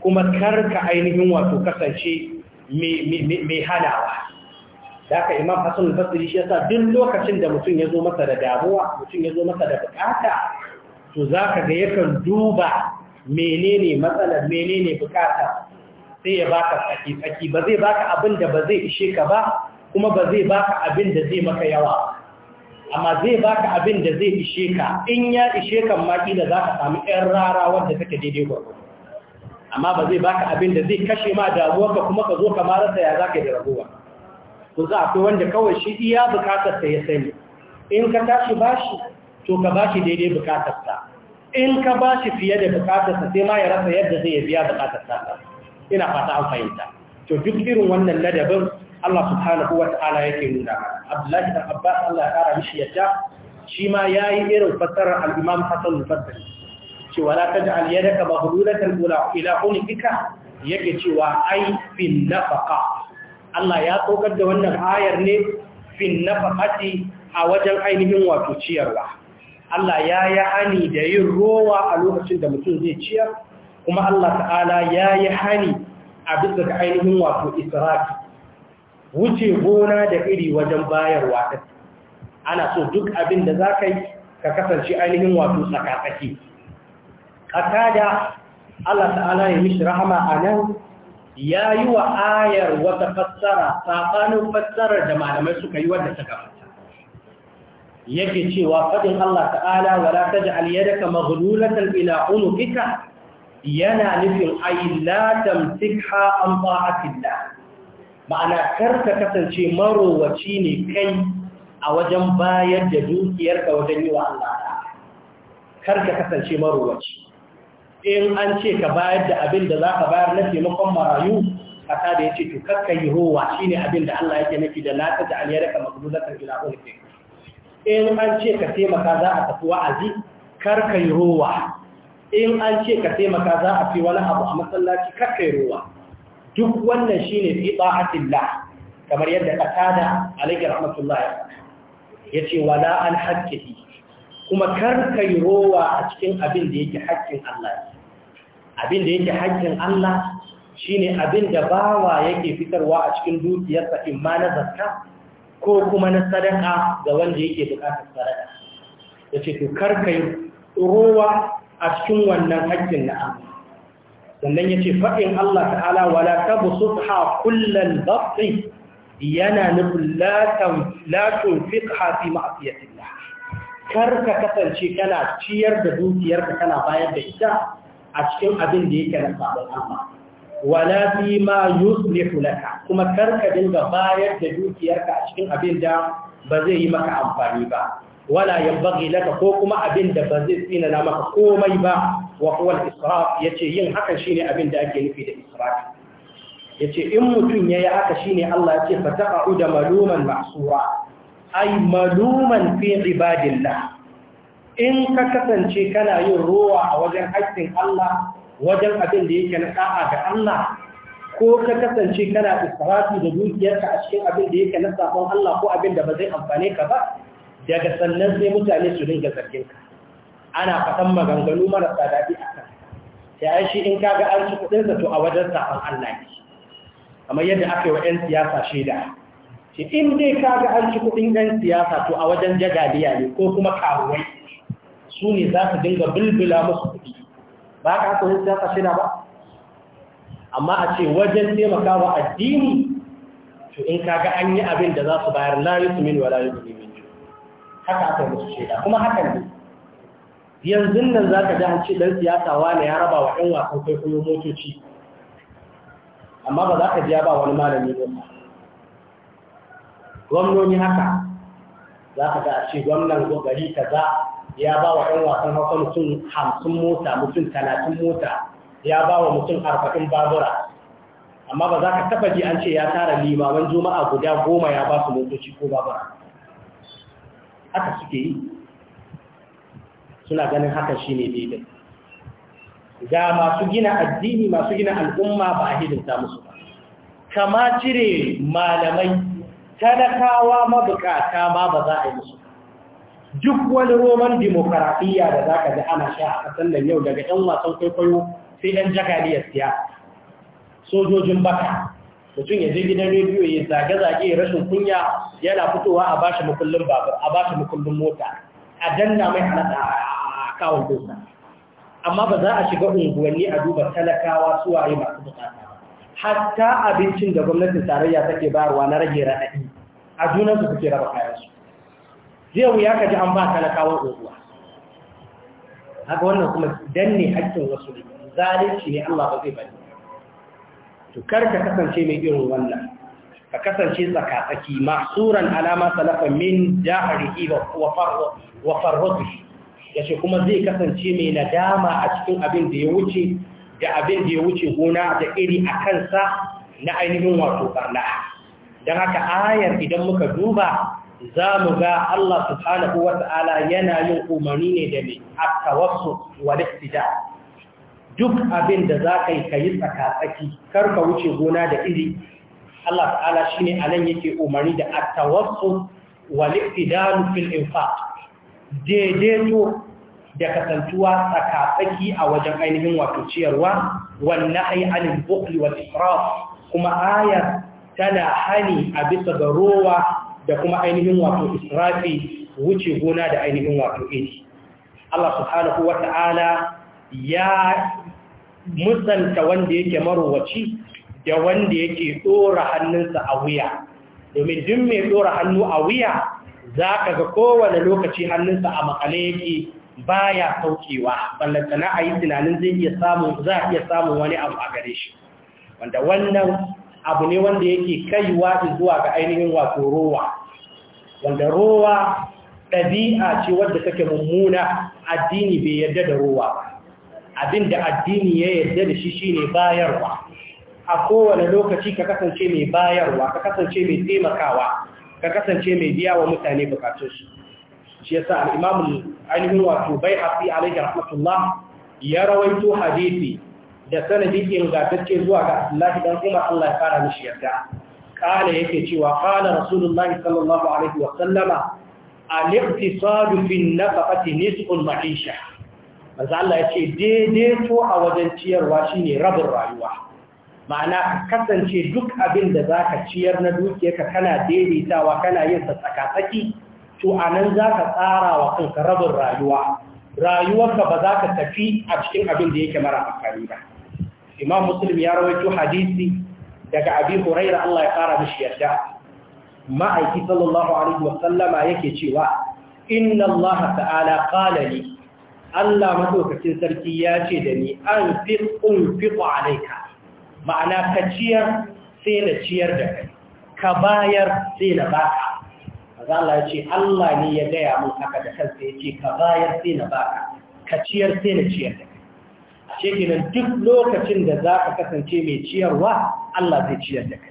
kuma kar ka ainihin wato kasance mai hanawa da aka imam hasan basiri shi yasa duk lokacin da mutum ya zo masa da damuwa mutum ya zo masa da bukata to za ka ga yakan duba menene matsalar menene bukata sai ya baka tsaki-tsaki ba zai baka abin da ba zai ishe ka ba kuma ba zai baka abin da zai maka yawa amma zai baka abin da zai ishe ka in ya ishe kan maki da za ka samu ɗan rara wanda take daidai gwargwado amma ba zai baka abin da zai kashe ma ka kuma ka zo ka marasa ya za ka yi da ragowa ku za akwai wanda kawai shi iya ta ya sani in ka tashi bashi to ka bashi daidai bukatarsa in ka bashi fiye da bukatarsa sai ma ya rasa yadda zai biya bukatarsa ina fata an fahimta to duk irin wannan ladabin Allah subhanahu wata'ala yake nuna Abdullahi dan Abbas Allah ya kara mishi yadda shi ma yayi irin fassarar al-Imam Hasan al-Basri cewa la taj'al yadaka maghlulatan ila hunika yake cewa ai bin nafaqa Allah ya tsokar da wannan ayar ne fin nafaqati a wajen ainihin wato ciyarwa Allah ya yi hani da yin rowa a lokacin da mutum zai ciyar kuma Allah ta'ala ya yi hani a bisa ga ainihin wato israfi wuce gona da iri wajen bayarwa ta ana so duk abin da za ka yi ka kasance ainihin wato tsakatsaki ƙasa da Allah ta'ala ya mishi rahama a nan ya yi wa ayar wata fassara saɓanin fassarar da malamai suka yi wadda ta gabata yake cewa faɗin Allah ta'ala wala ta aliyar ka magululatar ila fita. yana nufin ai la tamtikha an ta'atillah ma'ana karka kasance marowaci ne kai a wajen bayar da dukiyarka wajen yi wa Allah karka kasance marowaci in an ce ka bayar da abin da za ka bayar na taimakon marayu ta da ya ce to yi rowa shine abin da Allah yake nufi da la ta ja'al yadaka maqbulatan ila ulfik in an ce ka taimaka za a tafi wa'azi karka yi rowa in an ce ka taimaka za a fi wani abu a masallaci kakai ruwa duk wannan shi ne fi tilla kamar yadda qatada alayhi rahmatullah ya ce wala an haqqihi kuma kar rowa a cikin abin da yake haƙƙin Allah abin da yake haƙƙin Allah shine abin da bawa yake fitarwa a cikin dukiyarsa in ma na zarta ko kuma na sadaka ga wanda yake bukatar sadaka yace to kar kai ruwa. a cikin wannan haƙƙin na Allah sannan ya ce faɗin Allah ta'ala wala ta busu ha kullal baƙi yana nufin latin fiƙa fi ma'afiyatillah kar ka kasance kana ciyar da dukiyarka kana bayar da ita a cikin abin da yake na sabon Allah wala fi ma yuslihu laka kuma kar ka dinga bayar da dukiyarka a cikin abin da ba zai yi maka amfani ba wala yanbaghi laka ko kuma abin da ba zai tsina na maka komai ba wa huwa al Ya yace yin haka ne abin da ake nufi da israf yace in ya yayi haka shine Allah ta a da maluman masuwa. Ai maluman fi ibadillah in ka kasance kana yin ruwa a wajen haƙƙin Allah wajen abin da yake na sa'a ga Allah ko ka kasance kana israfi da dukiyarka a cikin abin da yake na sabon Allah ko abin da ba zai amfane ka ba daga sannan sai mutane su dinga zarginka ana faɗan maganganu marasa daɗi a kan sai an shi in kaga an ci kuɗinsa to a wajen safan Allah ne kamar yadda aka yi wa 'yan siyasa shaida shi in dai kaga an ci kuɗin 'yan siyasa to a wajen jagaliya ne ko kuma karuwai su ne za su dinga bilbila musu kuɗi ba ka haka wani siyasa shaida ba amma a ce wajen taimakawa addini to in kaga an yi abin da za su bayar la yusumin wa la yusumin haka aka musu shaida kuma hakan ne yanzu nan za ka ji an ce ɗan siyasa ne ya raba wa ɗan wasan kwaikwayo motoci amma ba za ka ji ya ba wani malami mota gwamnoni haka za ka ga a ce gwamnan gari za, ya ba wa ɗan wasan hausa mutum hamsin mota mutum talatin mota ya ba wa mutum arba'in babura amma ba za ka taɓa ji an ce ya tara limaman juma'a guda goma ya ba su motoci ko babura haka suke yi suna ganin haka shi ne daidai ga masu gina addini masu gina al'umma ba a hidinta musu ba kama cire malamai talakawa mabukata ma ba za a yi musu duk wani roman demokaratiyya da za ka ji ana sha a ƙasar nan yau daga 'yan wasan kwaikwayo sai 'yan jagaliyar siya sojojin baka mutum ya je gidan rediyo ya zage-zage rashin kunya yana fitowa a bashi mukullin babur a bashi mukullin mota a danna mai halatta a kawon dosa amma ba za a shiga unguwanni a duba talakawa su waye masu bukata hatta abincin da gwamnatin tarayya take bayarwa na rage raɗaɗi a junan su suke raba kayan su zai wuya ka ji an ba talakawan unguwa haka wannan kuma danne haƙƙin wasu ne zalunci ne Allah ba zai bari to kar ka kasance mai irin wannan ka kasance tsakatsaki masuran alama salafa min jahrihi wa farhatihi yace kuma zai kasance mai nadama a cikin abin da ya wuce da abin da ya wuce gona da iri a kansa na ainihin wato barna dan haka ayar idan muka duba za mu ga Allah subhanahu wa ta'ala yana yin umarni ne da mai at wal-ihtida duk abin da za ka yi ka yi tsakatsaki kar ka wuce gona da iri Allah ta'ala shi ne a nan yake umarni da attawassu walifidanu fil infaq daidaito da kasantuwa tsakatsaki a wajen ainihin wato ciyarwa wannahi anil Bukli wal israf kuma ayar tana hani a bisa ga rowa da kuma ainihin wato israfi wuce gona da ainihin wato iri Allah subhanahu wata'ala ya musanta wanda yake marowaci da wanda yake ɗora hannunsa a wuya domin duk mai ɗora hannu a wuya za ka ga kowane lokaci hannunsa a makale yake ba ya saukewa ballantana a yi tunanin zai iya samun za a iya samun wani abu a gare shi wanda wannan abu ne wanda yake kaiwa zuwa ga ainihin wato rowa wanda rowa ɗabi'a ce wadda take mummuna addini bai yarda da rowa ba abin da addini ya yarda da shi shine bayarwa a kowane lokaci ka kasance mai bayarwa ka kasance mai taimakawa ka kasance mai biya wa mutane bukatun shi yasa al-imam ainihin wato hafi alaihi rahmatullah ya rawaito hadisi da sanadi ingantacce zuwa ga Allah dan kuma Allah ya fara mishi yarda kana yake cewa kana rasulullah sallallahu alaihi wa sallama al-iqtisadu fi an-nafaqati nisfu al-ma'isha manzo Allah ya ce daidaito a wajen ciyarwa shine rabin rayuwa ma'ana ka kasance duk abin da zaka ciyar na dukiyarka kana daidaitawa kana yin sa tsakatsaki to anan zaka tsara wa kanka rabin rayuwa rayuwarka ba za ka tafi a cikin abin da yake mara amfani ba imam muslim ya rawaito hadisi daga abi hurairah Allah ya fara mishi ma'aiki sallallahu alaihi wasallama yake cewa inna Allah ta'ala qala li Allah madaukakin sarki ya ce da ni an fi unfiqu alayka ma'ana ka ciyar sai na ciyar da kai ka bayar sai na baka kaza Allah ya ce Allah ne ya gaya mun haka da kansa ya ce ka bayar sai na baka ka ciyar sai na ciyar da kai a shekinan duk lokacin da za ka kasance mai ciyarwa Allah zai ciyar da kai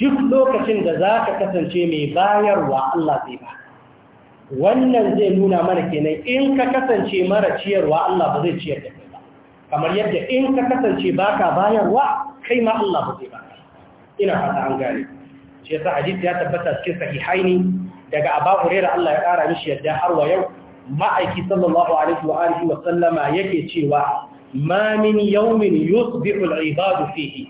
duk lokacin da za ka kasance mai bayarwa Allah zai baka wannan zai nuna mana kenan in ka kasance mara ciyarwa Allah ba zai ciyar da kai ba kamar yadda in ka kasance baka bayarwa kai ma Allah ba zai baka ina fata an gane shi yasa hadisi ya tabbata cikin sahihaini daga Abu Hurairah Allah ya kara mishi yadda har wa yau ma'aiki sallallahu alaihi wa alihi wa sallama yake cewa ma min yawmin yusbihu al-ibadu fihi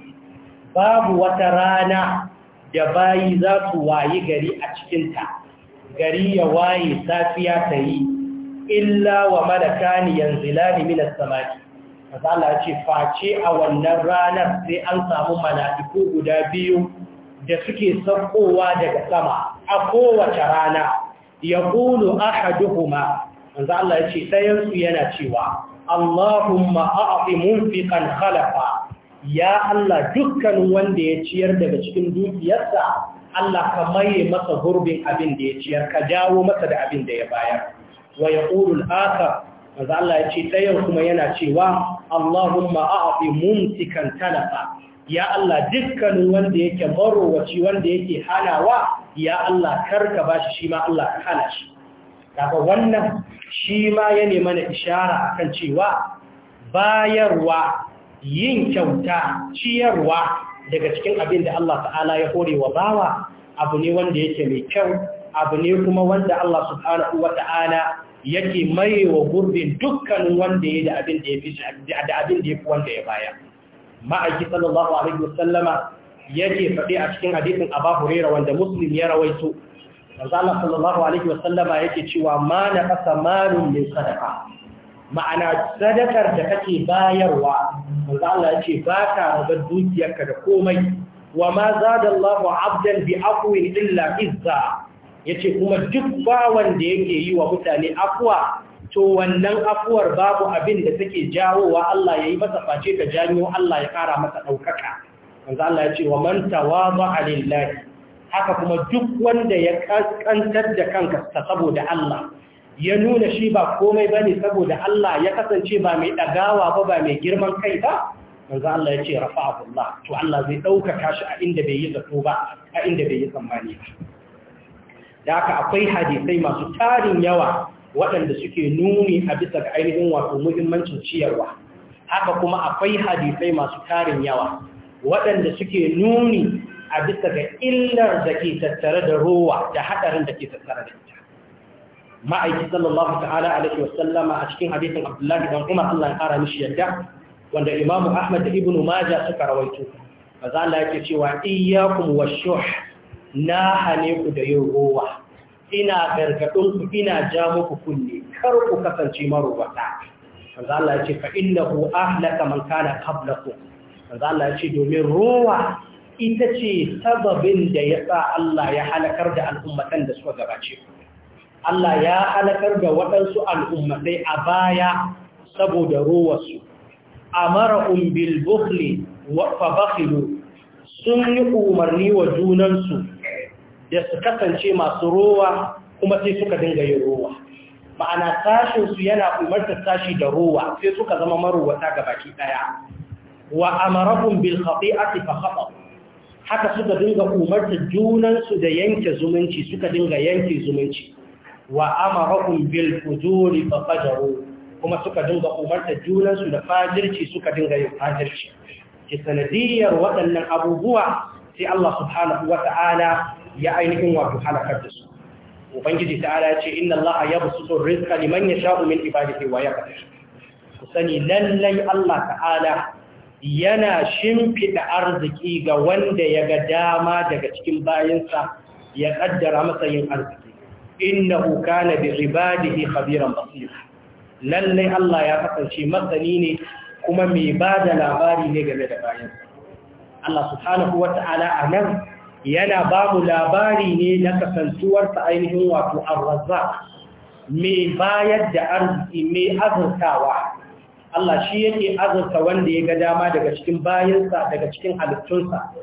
babu wata rana da bayi za su wayi gari a cikin ta gari ya waye safiya ta yi illa wa yanzu yanzilani minas samaki Allah ce face a wannan ranar sai an samu mala'iku guda biyu da suke sakowa daga sama a kowace rana ya ƙulu ahaduhuma manzo Allah ya ce ɗayansu yana cewa Allahumma a'ti munfiqan khalafa ya Allah dukkan wanda ya ciyar daga cikin dukiyarsa Allah ka maye masa gurbin abin da ya ciyar ka jawo masa da abin da ya bayar wa ya al aka Maza Allah ya ce ɗayan kuma yana cewa Allahumma a'ti mumsikan talafa ya Allah dukkanin wanda yake marowaci wanda yake hanawa ya Allah karka bashi shi ma Allah ka hana shi daga wannan shi ma ya mana ishara akan cewa bayarwa yin kyauta ciyarwa daga cikin abin da Allah ta'ala ya hore wa bawa abu ne wanda yake mai kyau abu ne kuma wanda Allah subhanahu wa ta'ala yake maye wa gurbin dukkanin wanda ya da abin da ya fi da abin da ya fi wanda ya baya ma'aiki sallallahu alaihi wasallama yake faɗi a cikin hadisin Abu Hurairah wanda Muslim ya rawaito manzo sallallahu alaihi wasallama yake cewa ma na qasamalun min sadaqa ma'ana sadakar da kake bayarwa manzo Allah ya ce ba rabar dukiyarka da komai wa ma zada Allahu 'abdan bi aqwin illa izza yace kuma duk bawan da yake yi wa mutane afwa to wannan afuwar babu abin da take jawowa Allah yayi masa face ta janyo Allah ya kara masa daukaka manzo Allah ya ce wa man tawaba lillahi haka kuma duk wanda ya kaskantar da kanka saboda Allah ya nuna shi ba komai ba ne saboda Allah ya kasance ba mai ɗagawa ba ba mai girman kai ba, manzo Allah ya ce rafa rafa'ahullah, to Allah zai ɗaukaka shi a inda bai yi zato ba, a inda bai yi tsammani ba. Da aka akwai hadisai masu tarin yawa waɗanda suke nuni a bisa ga ainihin wato muhimmancin ciyarwa. Haka kuma akwai hadisai masu tarin yawa waɗanda suke nuni a bisa ga illar da ke tattare da rowa da haɗarin da ke tattare da ita. ma'aiki sallallahu ta'ala alaihi wasallama a cikin hadisin abdullahi dan umar Allah ya fara mishi yadda wanda Imam ahmad da ibnu majah suka rawaito maza Allah yake cewa iyyakum washuh na hane ku da yin rowa ina gargadin ku ina ja muku kunne kar ku kasance marubata maza Allah yake fa innahu ahlaka man kana qablakum maza Allah yake domin rowa ita ce sababin da yasa Allah ya halakar da al'ummatan da suka gabace ku Allah ya halakar da waɗansu al'ummatai a baya saboda rowarsu amara umbil bukhli wa fabakhilu sun yi umarni wa junansu da su kasance masu rowa kuma sai suka dinga yin rowa ma'ana sashinsu yana umartar tashi da rowa sai suka zama marowata ga baki ɗaya wa amarahum bil khati'ati haka suka dinga umarta junansu da yanke zumunci suka dinga yanke zumunci wa amarahum bil fujuri fa fajaru kuma suka dinga umarta junansu da fajirci suka dinga yin fajirci ki sanadiyar waɗannan abubuwa sai Allah subhanahu wa ya ainihin wato halakar da su ubangiji ta'ala ya ce inna Allah ya busutu rizqa liman yasha'u min ibadihi wa yaqdir ku sani lallai Allah ta'ala yana shimfida arziki ga wanda ya ga dama daga cikin bayinsa ya kaddara masa yin arziki innahu kana bi ibadihi khabiran basira lalle Allah ya kasance masani ne kuma mai bada labari ne game da bayan Allah subhanahu wata'ala anan yana ba mu labari ne na kasantuwarsa ainihin wato Al-Raza. mai bayar da arziki mai azurtawa Allah shi yake azurta wanda ya ga dama daga cikin bayansa daga cikin halittunsa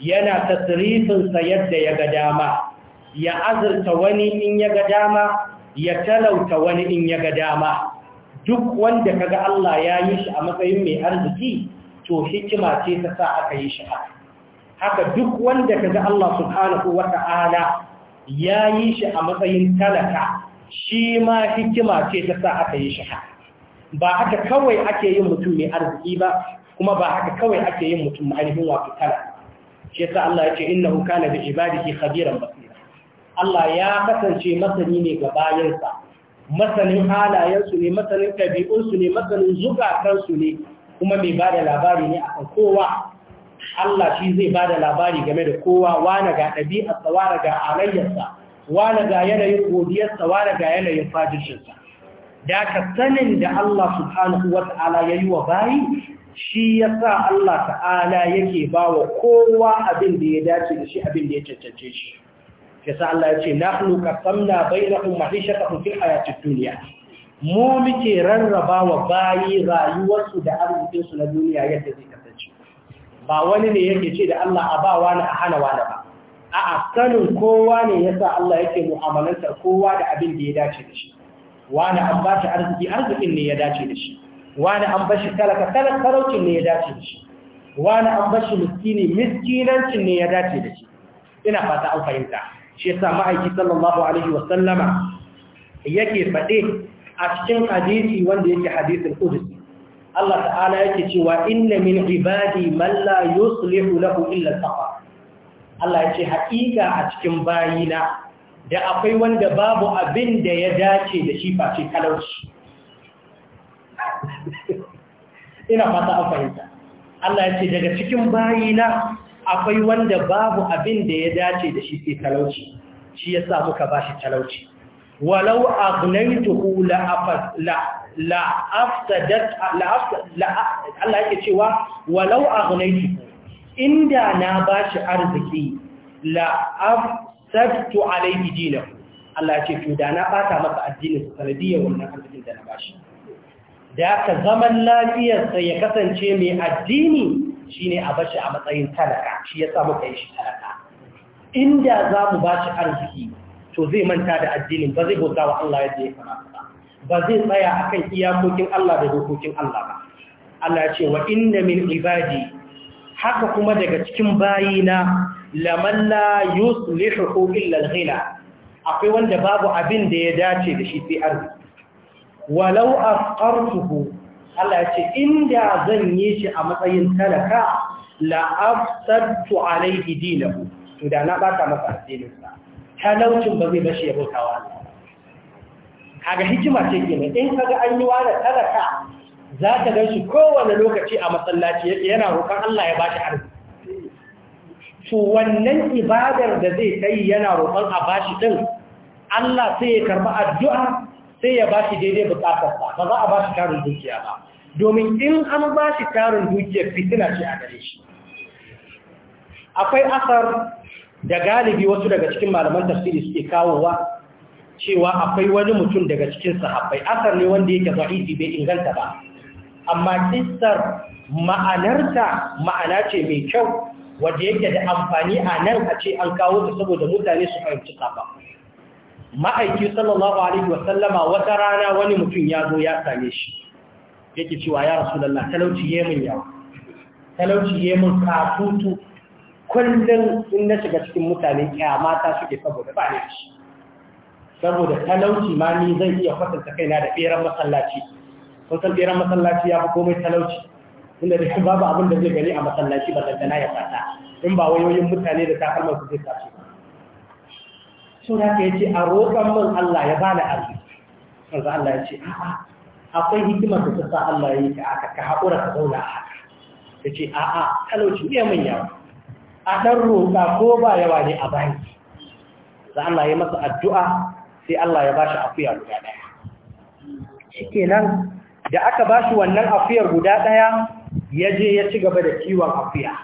yana tasirifinsa yadda ya ga dama ya azurta wani in ya ga dama ya talauta wani in ya ga dama duk wanda kaga Allah ya yi shi a matsayin mai arziki to hikima ce ta sa aka yi shi haka duk wanda ka ga Allah subhanahu wata'ala ya yi shi a matsayin talaka shi ma hikima ce ta sa aka yi shi ba haka kawai ake yin mutum mai arziki ba kuma ba haka kawai ake yin mutum ainihin wato talaka shi yasa Allah ya ce innahu kana bi ibadihi khabiran ba. Allah ya kasance masani ne ga bayansa masanin halayensu ne masanin ɗabi'unsu ne masanin zukatansu ne kuma mai ba da labari ne a kowa Allah shi zai ba da labari game da kowa wane ga ɗabi'arsa wane ga alayyarsa wane ga yanayin godiyarsa wane ga yanayin fajishinsa da ka sanin da Allah subhanahu wa ta'ala ya yi wa bayi shi ya sa Allah ta'ala yake ba kowa abin da ya dace da shi abin da ya cancance shi yasa Allah ya ce nahnu qasamna bainahum ma'ishatahum fil hayatid dunya mu muke rarraba wa bayi rayuwarsu da arzikin su na duniya yadda zai kasance ba wani ne yake ce da Allah a ba wani a hana wani ba a asalin kowa ne yasa Allah yake mu'amalantar kowa da abin da ya dace da shi wani an ba shi arziki arzikin ne ya dace da shi wani an ba shi talaka talaucin ne ya dace da shi wani an ba shi miskini miskinancin ne ya dace da shi ina fata an fahimta shi yasa ma'aiki sallallahu alaihi wa sallama yake faɗe a cikin hadisi wanda yake hadisin qudsi Allah ta'ala yake cewa inna min ibadi man la yuslihu lahu illa safa Allah yace haƙiƙa a cikin bayina da akwai wanda babu abin da ya dace da shi face kalauci. ina fata an fahimta Allah yace daga cikin bayina akwai wanda babu abin da ya dace da shi sai talauci shi ya sa muka bashi talauci walau aghnaytuhu la afas la la yake cewa walau aghnaytuhu inda na bashi arziki la alaiki jina. dinahu Allah ce to da na bata masa addinin sanadiyar wannan arzikin da na ba shi. da ka zaman lafiyarsa ya kasance mai addini shine a bashi a matsayin talaka shi ya samu kai shi talaka inda za mu ba shi arziki to zai manta da addinin ba zai bauta wa Allah yadda ya kamata ba ba zai tsaya akan iyakokin Allah da dokokin Allah ba Allah ya ce wa inna min ibadi haka kuma daga cikin bayina laman la ko illa al akwai wanda babu abin da ya dace da shi sai arziki walau afqartuhu Allah ya ce inda zan yi shi a matsayin talaka la'afsattu alaihi dinahu to da na bata masa addinin talaucin ba zai bashi ya kaga hikima ce kenan in kaga an yi wani talaka za ka ga shi kowane lokaci a masallaci yana roƙon Allah ya bashi arziki to wannan ibadar da zai kai yana roƙon a bashi din Allah sai ya karba addu'a sai ya ba shi daidai bukatarsa ba za a ba shi tarin dukiya ba domin in an ba shi tarin dukiya fitina ce a gare shi akwai asar da galibi wasu daga cikin malaman tafsiri suke kawowa cewa akwai wani mutum daga cikin sahabbai asar ne wanda yake izi bai inganta ba amma kissar ma'anarta ma'ana ce mai kyau wadda yake da amfani a nan a ce an kawo ta saboda mutane su fahimci saba ma'aiki sallallahu alaihi wasallama wata rana wani mutum ya zo ya same shi yake cewa ya rasulullah talauci yemin yawa talauci yemin kafutu kullum in na shiga cikin mutane mata suke saboda ba ne shi saboda talauci ma ni zai iya kwatanta kaina da beran masallaci kun san beran masallaci ya fi komai talauci inda da babu abin da zai gani a masallaci ba dangana ya fata in ba wayoyin mutane da takalmar su zai tafi ba so ke ce a roƙon min Allah ya bani arziki manzo Allah ya ce a'a akwai hikimar da ta sa Allah ya yi ka aka ka haƙura ka zauna a haka yace a'a talauci ne mun yawa a ɗan roƙa ko ba yawa ne a banki da Allah ya masa addu'a sai Allah ya bashi afiyar guda ɗaya shikenan da aka bashi wannan afiyar guda ɗaya ya je ya ci gaba da kiwon afiya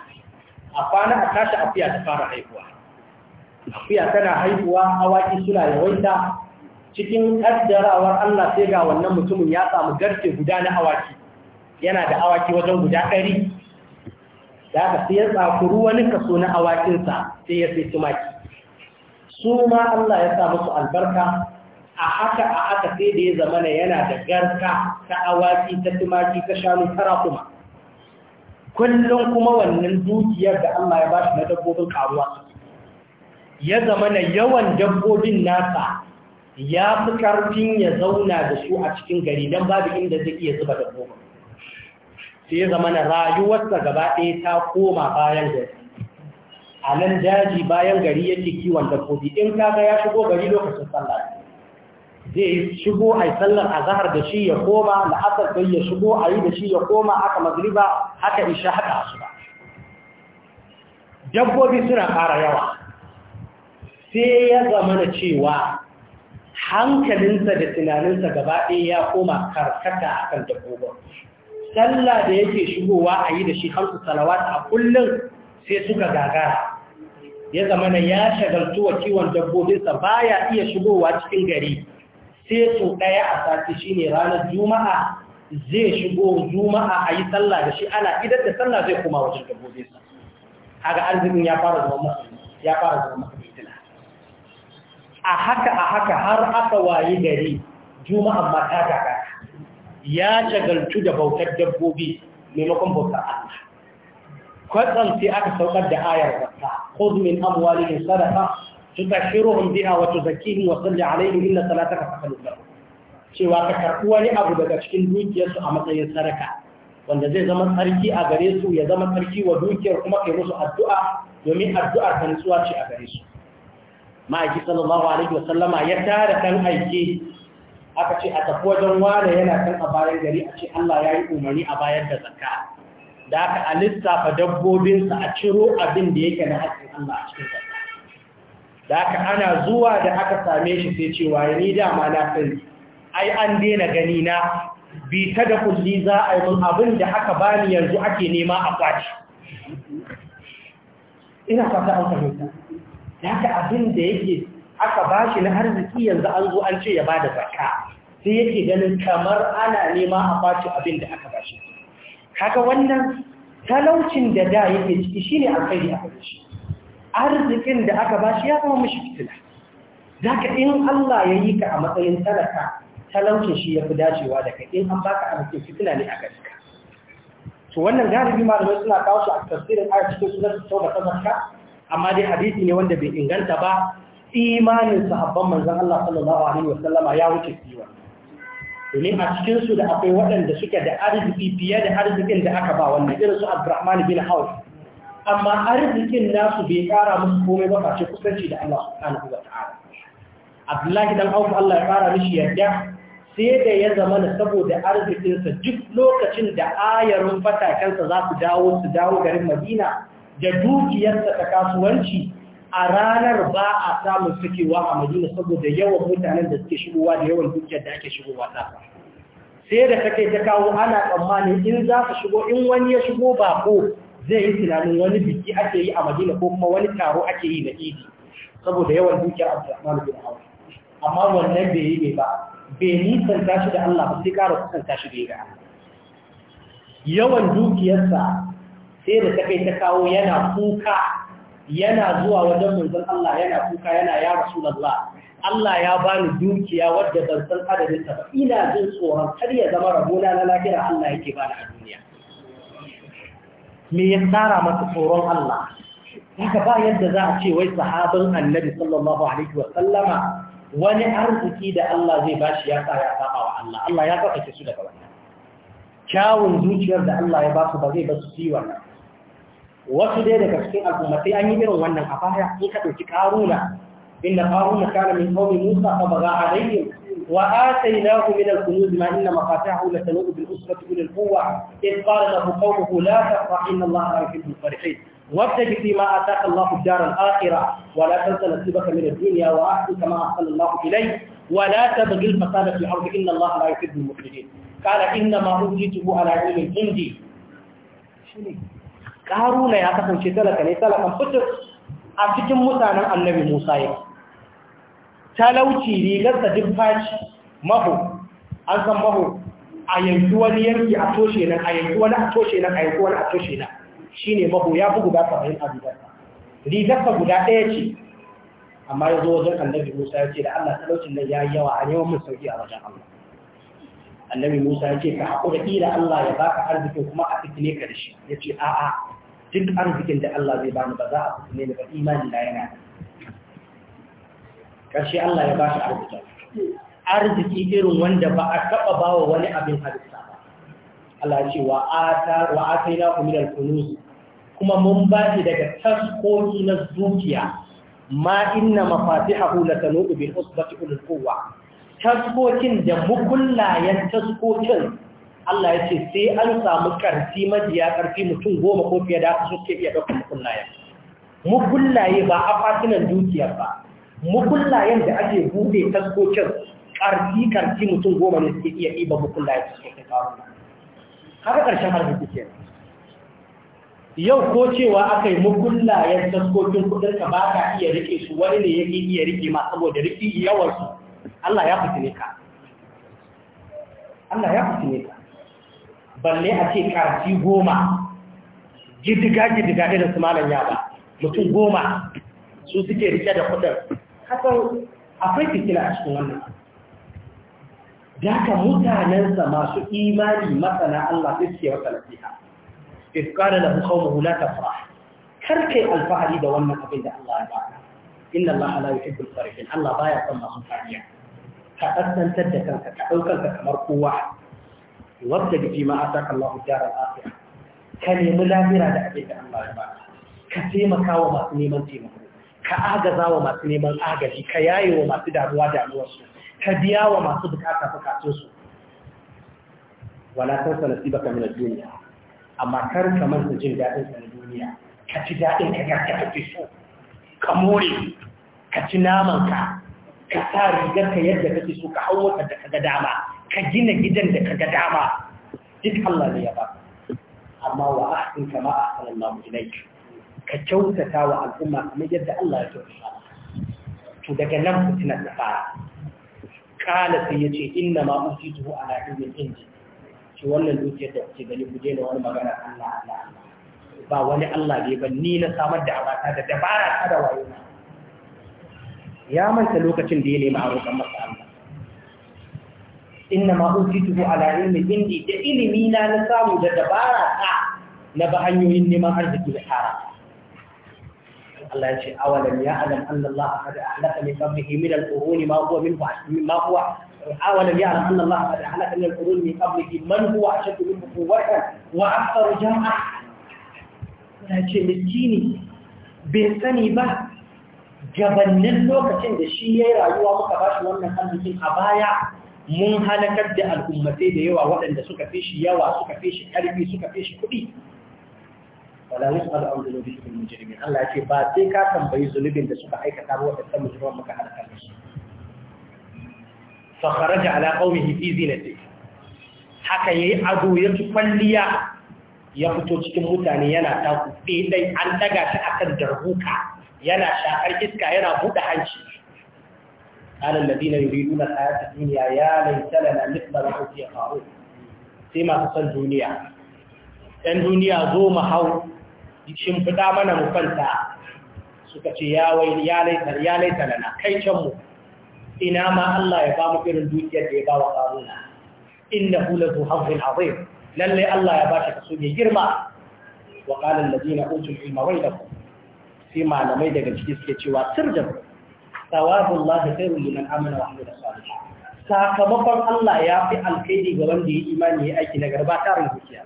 a kwana a tashi afiya ta fara haihuwa tafiya tana haihuwa awaki suna yawaita cikin ƙaddarawar Allah sai ga wannan mutumin ya samu garke guda na awaki yana da awaki wajen guda ɗari da aka sai ya tsakuru wani kaso na awakinsa sai ya sai tumaki su ma Allah ya sa musu albarka a haka a haka sai da ya zama na yana da garka ta awaki ta tumaki ta shanu tara kuma kullum kuma wannan dukiyar da Allah ya ba shi na dabbobin karuwa ya zama na yawan dabbobin nasa ya fi ƙarfin ya zauna da su a cikin gari don babu inda zai iya zuba dabbobin sai ya zama na rayuwarsa gaba ɗaya ta koma bayan gari a nan daji bayan gari yake kiwon dabbobi in kaga ya shigo gari lokacin sallah zai shigo a sallar azahar da shi ya koma la'asar kai ya shigo a yi da shi ya koma aka magriba haka isha haka asuba dabbobi suna ƙara yawa sai ya zama cewa hankalinsa da tunaninsa gaba ɗaya ya koma karkata a kan dabbobin sallah da yake shigowa a yi da shi hamsu salawata a kullum sai suka gagara ya zama na ya shagaltuwa kiwon dabbobinsa ya iya shigowa cikin gari sai su ɗaya a sati shi ne ranar juma'a zai shigo juma'a a yi sallah da shi ana idan da sallah zai koma wajen dabbobinsa haga arzikin ya fara zama ya fara zama a haka a haka har aka waye gari juma'a ma ta ya shagaltu da bautar dabbobi maimakon bautar Allah kwatsam sai aka saukar da ayar zakka khudh min amwalihim sadaqa tutashiruhum biha wa tuzakkihim wa salli alaihim inna salataka sakanun cewa ka karɓi wani abu daga cikin dukiyarsu a matsayin sadaka, wanda zai zama tsarki a gare su ya zama tsarki wa dukiyar kuma kai musu addu'a domin addu'ar ta nutsuwa ce a gare su ma'aiki sallallahu alaihi wasallama ya tara kan aiki aka ce a tafi wajen wane yana kan a bayan gari a ce Allah ya yi umarni a bayar da zakka da aka a lissafa dabbobinsa a ciro abin da yake na haƙƙin Allah a cikin zakka da aka ana zuwa da aka same shi sai cewa ni dama na sani ai an daina gani na bi ta da kulli za a yi mun abin da aka bani yanzu ake nema a kwaci ina fata an fahimta da haka abin da yake aka ba shi na arziki yanzu an zo an ce ya ba da zakka sai yake ganin kamar ana nema a bashi abin da aka bashi kaga wannan talaucin da da yake ciki shine alkhairi aka shi arzikin da aka bashi ya zama mashi fitila zaka in Allah ya yi ka a matsayin talaka talaucin shi ya fi dacewa da kai in an baka arzikin fitila ne a cika to wannan galibi malamai suna kawo shi a tafsirin ayat cikin sunan tauba ta zakka amma dai hadisi ne wanda bai inganta ba imanin sahabban manzon Allah sallallahu alaihi sallama ya wuce kiwa domin a cikin su da akwai waɗanda suke da arziki fiye da arzikin da aka ba wannan irin su Abdurrahman bin Auf amma arzikin nasu bai kara musu komai ba face kusanci da Allah subhanahu wa ta'ala Abdullahi dan Auf Allah ya kara mishi yadda sai da ya zama na saboda arzikinsa duk lokacin da ayarin fatakensa za su dawo su dawo garin Madina da dukiyarsa ta kasuwanci a ranar ba a samun sukewa a madina saboda yawan mutanen da suke shigowa da yawan dukiyar da ake shigowa ta sai da kai ta kawo ana tsammani in za su shigo in wani ya shigo bako zai yi tunanin wani biki ake yi a madina ko kuma wani taro ake yi na idi saboda yawan dukiyar tsammani bin hawa amma wannan bai yi ne ba bai nisanta tashi da allah ba sai kara kusanta tashi da ya yawan dukiyarsa sai da ta kai ta kawo yana kuka yana zuwa wajen manzon Allah yana kuka yana ya rasulullah Allah ya bani dukiya wadda ban san adadin ta ba ina jin tsoron har ya zama rabona na lafiya Allah yake bani a duniya me ya tsara masa tsoron Allah haka ba yadda za a ce wai sahabin annabi sallallahu alaihi wa sallama wani arziki da Allah zai bashi ya sa ya saba wa Allah Allah ya saka su daga wannan kyawun zuciyar da Allah ya ba su ba zai ba su ciwon wasu dai daga cikin al'ummatai an yi irin wannan a baya in ka ɗauki ƙaruna inda ƙaruna kana min ƙaumi musa fa a alayhim wa atainahu min al-kunuz ma inna mafatihahu la tanubu bil usbati ulil quwwa id qala lahu qawmuhu la tafrah inna allaha la yuhibbu al-farihin وابتغ فيما اتاك الله الدار الاخره ولا تنس نصيبك من الدنيا واحسن كما احسن الله اليك ولا تبغ الفساد في الارض ان الله لا يحب المفسدين قال انما اوتيته على علم Karuna ya kasance talaka ne talakan fitir a cikin mutanen annabi musa ya talauci rigarsa duk faci maho an san maho a yanzu wani yanki a toshe nan a yanzu wani a toshe nan a yanzu wani a toshe nan shi ne maho ya fi guda saba'in a Rigar sa guda ɗaya ce amma ya zo wajen annabi musa ya ce da allah talaucin nan ya yi yawa a neman mun sauki a wajen allah annabi musa ya ce ka haƙura ƙila allah ya baka arzikin kuma a fitine ka da shi ya ce a'a duk arzikin da Allah zai bani ba za a fitine ne daga imani na yana ƙarshe Allah ya ba shi arziki arziki irin wanda ba a taba bawa wani abin halitta ba Allah ya ce wa a kai na kum min kuma mun ba shi daga taskoki na zuciya ma inna mafatihahu latanu bil usbati ulul quwwa taskokin da ya taskokin Allah ya ce sai an samu ƙarfi majiya ƙarfi mutum goma ko fiye da su ke iya ɗaukar mukullayen. Mukullaye ba a fatinan dukiyar ba, mukullayen da ake buɗe taskokin ƙarfi ƙarfi mutum goma ne suke iya ɗiba mukullaye su suke kawo. Haka ƙarshen harfi suke. Yau ko cewa aka yi mukullayen taskokin kuɗin ka ba ka iya riƙe su wani ne yake iya riƙe ma saboda riƙe yawansu. Allah ya fitine ka. Allah ya fitine ka. balle a ce ƙarfi goma gidiga-gidiga da su malam yaba mutum goma su suke rike da kudin kasan akwai fitila a cikin wannan daga mutanensa masu imani masana Allah sai suke wata nasiha ifkara da hukamu hula ta fara karkai alfahari da wannan abin da Allah ya baka inna Allah la yuhibbul farashin Allah baya son masu fariya ka kasantar da kanka ka daukar ka kamar kowa wadda da fima a saka Allah jarar afiya ka nemi lafira da ake da Allah ba ka taimaka wa masu neman taimako ka agaza wa masu neman agaji ka yaye wa masu damuwa damuwarsu ka biya wa masu bukata bukatunsu wala san sanasi baka mina duniya amma kar ka manta jin daɗin sa na duniya ka ci daɗin ka ga ka fi so ka more ka ci naman ka ka sa rigar ka yadda kake so ka hau wata da ka ga dama ka gina gidan da ka ga dama duk Allah ne ya ba amma wa ahsin kama ahsana Allah ilayk ka kyautata wa al'umma kamar yadda Allah ya kyautata to daga nan fitinar ta fara kala sai ce inna ma usituhu ala ilmin indi shi wannan dukiyar da kuke gani ku daina wani magana Allah Allah ba wani Allah ne ba ni na samar da abata da dabara ta da wayo ya manta lokacin da ya nemi a roƙon masa Allah inna ma utituhu ala ilmi indi da ilimi na na samu da dabara ta na ba hanyoyin neman arziki da tara Allah ya ce awalam ya alam anna Allah qad ahlaka min qablihi min al-qurun ma huwa minhu ma huwa awalam ya alam anna Allah qad ahlaka min al-qurun min qablihi man huwa ashaddu minhu quwwatan wa aktharu jam'a ya ce miskini bai sani ba gabanin lokacin da shi ya yi rayuwa muka ba shi wannan arzikin a baya mun halakar da al'ummatai da yawa waɗanda suka fi shi yawa suka fi shi ƙarfi suka fi shi kuɗi wala wasu al'amdu da bisu bin mujrimin Allah ya ce ba sai ka tambayi zunubin da suka aikata ba waɗanda mujrimin muka halakar da su fa kharaja ala qaumihi fi zinati haka yayi ado ya ci kwalliya ya fito cikin mutane yana taku dai an daga shi akan darbuka yana shakar iska yana buɗe hanci قال الذين يريدون الحياة الدنيا يا ليس لنا مثل ما أوتي قارون سيما تصل دنيا أن دنيا زو محو shimfiɗa mana mu suka ce ya wai ya laita lana kai ina ma Allah ya ba mu irin dukiyar da ya ba wa ƙaruna inda hula zu hafin azim lallai Allah ya ba shi kaso mai girma wa ƙalin da zina otun ilmawai da ku sai malamai daga ciki suke cewa sirjan thawabullahi khairul liman Amina wa amila sakamakon Allah ya fi alkhairi ga wanda ya imani ya aiki na garba tarin zuciya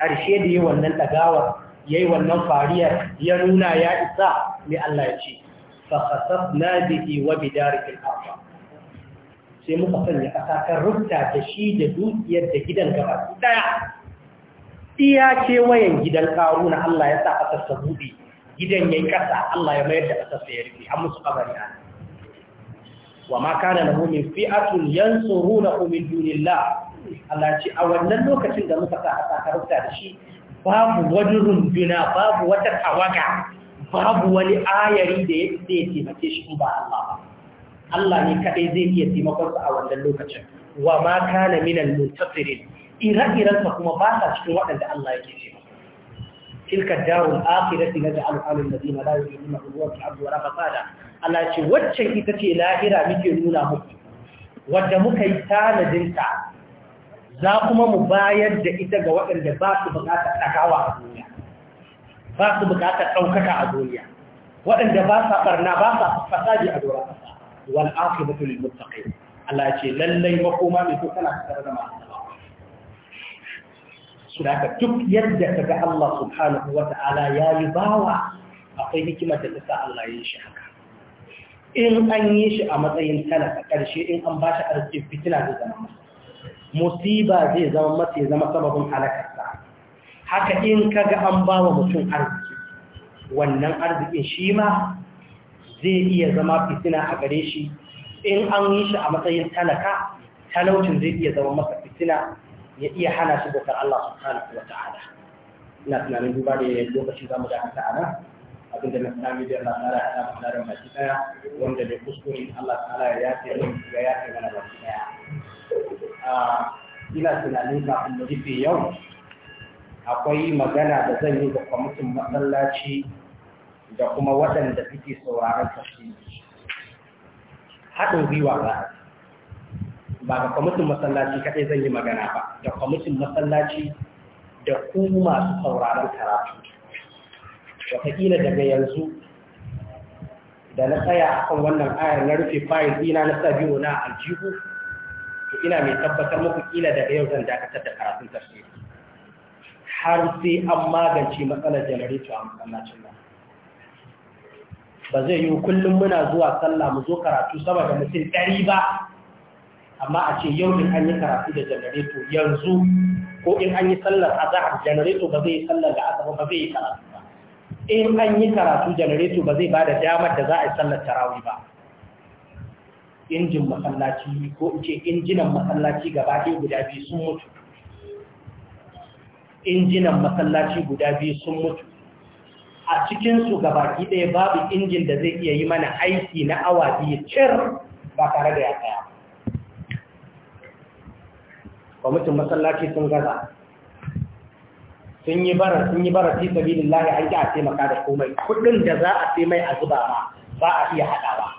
ƙarshe da yi wannan tagawar yayi wannan fariyar ya nuna ya isa mai Allah ya ce fa khasafna bihi wa bidarikil ardh sai muka sanya ƙasa kan rufta da shi da dukiyar da gidan gaba daya iya ce wayan gidan karu na Allah ya sa ƙasar ta buɗe gidan yayi kasa Allah ya mayar da kasarsa ya rufe an musu kabari an wa ma kana lahu min fi'atun yansurunahu min duniya? Allah ce a wannan lokacin da muka sa aka karanta da shi babu wani runduna babu wata tawaga babu wani ayari da ya taimake shi in ba Allah ba Allah ne kaɗai zai iya taimakonsa a wannan lokacin wa ma kana minal muntafirin ire-irensa kuma ba sa cikin waɗanda Allah yake ce تلك الدار الآخرة نجعلها للذين لا يؤمنون بالله والعبد ولا فسادا Allah ce waccan ita ce lahira muke nuna muku wadda muka yi tanadinta za kuma mu bayar da ita ga waɗanda ba su buƙatar ɗagawa a duniya ba su buƙatar ɗaukaka a duniya waɗanda ba sa ɓarna ba sa fasaji a ce lallai makoma mai to kana tare Sudaka duk yadda ka ga Allah subhanahu wa ta'ala ya yi bawa akwai hikimar da ta sa Allah ya yi shi haka. In an yi shi a matsayin talaka ƙarshe in an ba shi arziki fitina zai zama masa. Musiba zai zama masa ya zama sababin halakarsa. Haka in ka ga an ba wa mutum arziki, wannan arzikin shi ma zai iya zama fitina a gare shi. In an yi shi a matsayin talaka, talaucin zai iya zama masa fitina ya iya hana su bukar Allah subhanahu wa ta'ala ina tunanin duba da lokacin zamu da haka ana abin da na tsami da Allah ta'ala ya mu da baki daya wanda da kuskurin Allah ta'ala ya yafe mu ya yafe mana baki daya ina tunanin kafin mu rufe yau akwai magana da zan yi ga kwamitin masallaci da kuma waɗanda suke sauraron tafsiri haɗin gwiwa ba. a ba ga kwamitin masallaci kaɗai zan yi magana ba da kwamitin masallaci da ku masu sauraron karatu wataƙila daga yanzu da na tsaya akan wannan ayar na rufe fayil ɗina na sa biyu na aljihu to ina mai tabbatar muku ƙila daga yau zan dakatar da karatun tafsiri har sai an magance matsalar janareto a masallacin nan ba zai yi kullum muna zuwa sallah mu zo karatu sama da mutum ɗari ba amma a ce yau in an yi karatu da janareto yanzu ko in an yi sallar azahar janareto ba zai yi sallar da asaba ba zai yi karatu ba in an yi karatu janareto ba zai ba da damar da za a yi sallar tarawi ba injin masallaci ko in ce injinan masallaci gaba ɗaya guda biyu sun mutu injinan masallaci guda biyu sun mutu a cikinsu gaba ɗaya babu injin da zai iya yi mana aiki na awa biyu cir ba tare da ya tsaya ba mutum masallaci sun gaza sun yi bara sun yi bara fi sabilillahi an ji a taimaka da komai kudin da za a sai mai a zuba ma ba a iya hadawa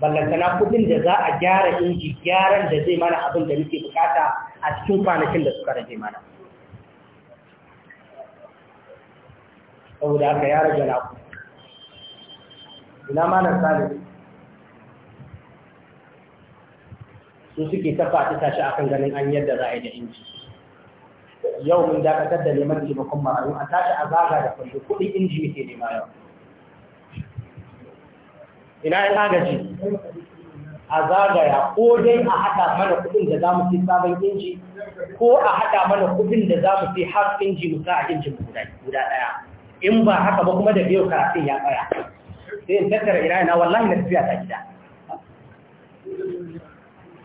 ballantana kudin da za a gyara inji gyaran da zai mana abin da muke bukata a cikin kwanakin da suka rage mana saboda haka ya rage na ku ina ma na sami su suke ta faɗi tashi akan ganin an yadda za a yi da inji yau mun dakatar da neman taimakon marayu a tashi a zaga da kwallo kuɗin inji yake nema yau ina yin agaji a zagaya ko dai a haɗa mana kuɗin da za mu fi sabon inji ko a haɗa mana kuɗin da za mu fi har inji mu sa a mu guda ɗaya in ba haka ba kuma da biyu karatun ya tsaya sai in tattara ina yana wallahi na tafiya ta gida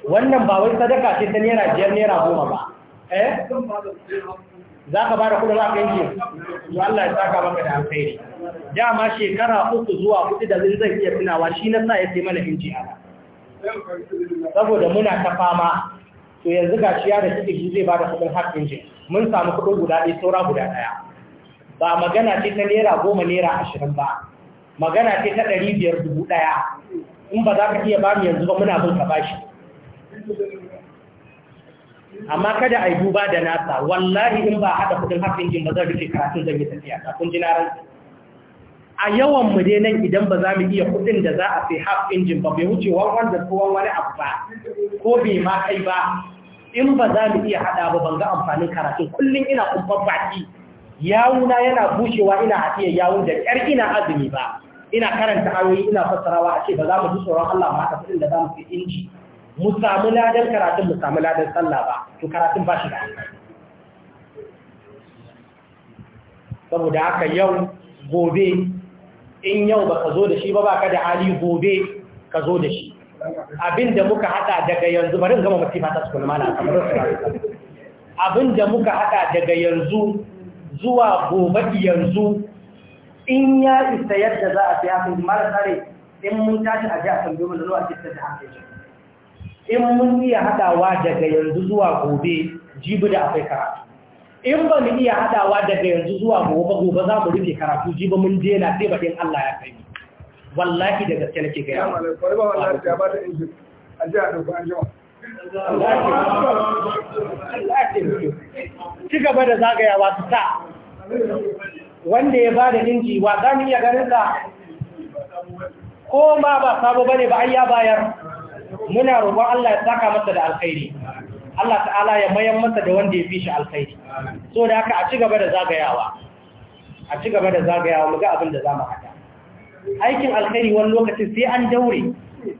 wannan ba wai sadaka ce ta naira biyar naira goma ba eh za ka ba da kudin kan yanki to Allah ya saka maka da alkhairi dama shekara uku zuwa hudu da zan iya tunawa shi na sa ya sai mana inji ana saboda muna ta fama to yanzu ga shi ya da kike shi zai ba da kudin har inji mun samu kudin guda ɗaya saura guda ɗaya ba magana ce ta naira goma naira ashirin ba magana ce ta ɗari biyar dubu ɗaya in ba za ka iya ba mu yanzu ba muna bin ka bashi amma kada a yi duba da nasa wallahi in ba haɗa kudin hafin jin ba zan rufe karatun zan yi tafiya kafin jinarar a yawan mu dai nan idan ba za mu iya kudin da za a sai half injin ba bai wuce wani da ko wani abu ba ko bai ma kai ba in ba za mu iya haɗa ba ban ga amfanin karatun kullum ina kumfan baki yawuna yana bushewa ina hafiya yawun da ƙyar ina azumi ba ina karanta ayoyi ina fassarawa a ce ba za mu ji tsoron Allah ma haɗa kudin da za mu sai inji mu samu ladan karatun mu samu ladan sallah ba to karatun ba shi da saboda haka yau gobe in yau ba ka zo da shi ba ba ka da hali gobe ka zo da shi abinda muka hada daga yanzu bari gama masifa ta sukuna mana kamar su abinda muka hada daga yanzu zuwa gobe yanzu in ya isa yadda za a fi hafin mara tsare in mun tashi a ji a kan biyu da zuwa cikin da hafin in mun iya haɗawa daga yanzu zuwa gobe jibi da akwai karatu in ba mu iya haɗawa daga yanzu zuwa gobe gobe za mu rufe karatu jibi mun dena sai baɗin Allah ya kai wallahi da gaske nake gaya ci gaba da zagaya wasu ta wanda ya ba da inji wa za mu iya ganin sa ko ma ba sabo bane ba ayya bayar muna roƙon Allah ya saka masa da alkhairi Allah ta'ala ya mayan masa da wanda ya fi shi alkhairi so da haka a ci gaba da zagayawa a ci gaba da zagayawa mu ga abin da zamu haɗa aikin alkhairi wani lokacin sai an daure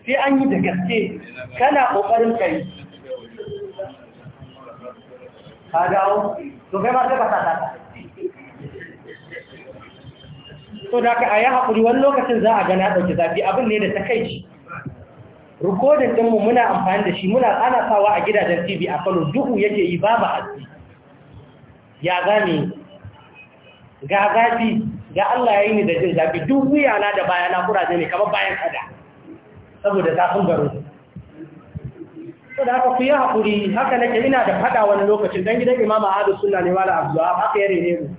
sai an yi da gaske kana kokarin kai ka dawo to kai ma sai ka sata so da haka a yi haƙuri wani lokacin za a gana dauki zafi abin ne da ta rikodin ɗinmu muna amfani da shi muna ana sawa a gidajen tv a kano duhu yake yi babu hatsi ya gane ga zafi ga Allah ya yi ni da jin zafi duk na da bayana kuraje ne kamar bayan kada saboda zafin garin so da haka ku yi haƙuri haka nake ina da faɗa wani lokaci, don gidan imama ahalus suna ne wala abu a haka ya ne mu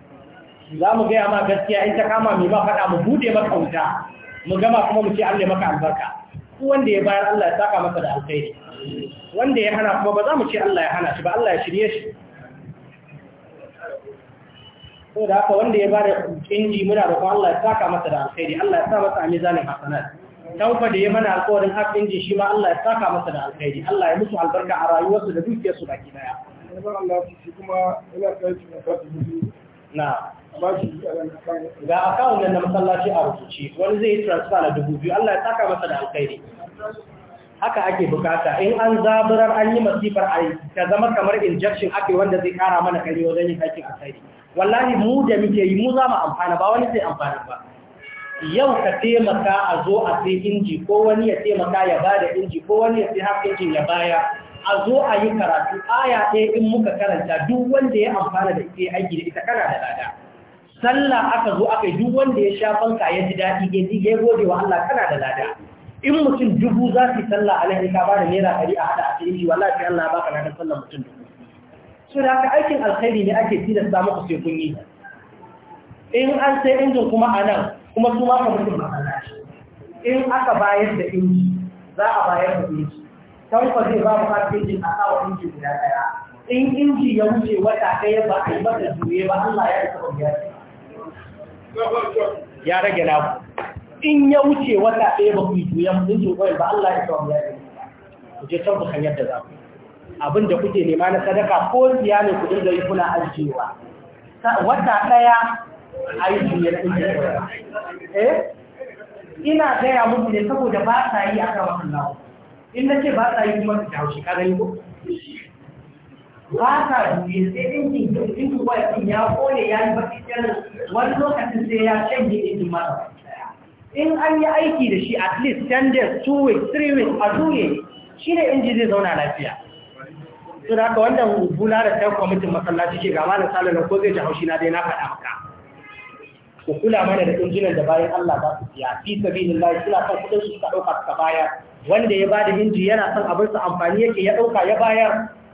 za mu gaya ma gaskiya in ta kama mai ba faɗa mu buɗe maka wuta mu gama kuma mu ce an maka albarka wanda ya bayar Allah ya saka masa da alkhairi wanda ya hana kuma ba za mu ce Allah ya hana shi ba Allah ya shirye shi to da haka wanda ya bada inji muna roƙon Allah ya saka masa da alkhairi Allah ya sa masa a mizanin hasanat tawfa da ya mana alƙawarin har inji shi ma Allah ya saka masa da alkhairi Allah ya musu albarka a rayuwarsu da dukiyarsu baki daya na ga akawun nan na masallaci a rubuci wani zai yi transfer na dubu biyu Allah ya taka masa da alkhairi haka ake bukata in an zaburar an yi masifar a ta zama kamar injection ake wanda zai kara mana kari wajen yin aikin alkhairi wallahi mu da muke yi mu za mu amfana ba wani zai amfana ba yau ka taimaka a zo a sai inji ko wani ya taimaka ya ba da inji ko wani ya sai haka injin ya baya a zo a yi karatu aya ɗaya in muka karanta duk wanda ya amfana da ita aiki da ita kana da lada sallah aka zo aka duk wanda ya sha fanka ya ji daɗi ya ji ya gode wa Allah kana da lada in mutum dubu za su sallah a laifin ka ba da naira ɗari a haɗa a cikin shi wallahi Allah baka na dan sallah mutum dubu so da haka aikin alkhairi ne ake tilasta muku sai kun yi in an sai injin kuma a nan kuma su ma ka mutum masallaci in aka bayar da inji za a bayar da inji tanko zai ba mu a kawo injin guda ɗaya in inji ya wuce wata ɗaya ba a yi mata juye ba Allah ya isa ba ya rage naku in ya wuce wata ɗaya ba ku yi juyan mun yi koyar ba Allah ya kawo ya yi ku je can ku san yadda za ku abin da kuke nema na sadaka ko siya ne ku dinga yi kuna ajiyewa wata ɗaya a yi juyan ɗin da koyar eh ina gaya muku ne saboda ba sa yi a kan wannan in na ce ba sa yi kuma su ta haushi ka gani ko ba ka juye sai injin injin kuwa ya kone ya yi baƙi kenan wani lokacin sai ya canje injin masa in an yi aiki da shi at least 10 days two weeks three weeks a juye shi ne inji zai zauna lafiya su da haka wannan bula da ta kwamitin masallaci ke gama na salar ko zai ji haushi na dai na faɗa maka ku kula mana da injinan da bayan Allah za su siya fi sabilin lahi suna kan kudin su suka ɗauka suka bayar wanda ya ba da inji yana son abin su amfani yake ya ɗauka ya bayar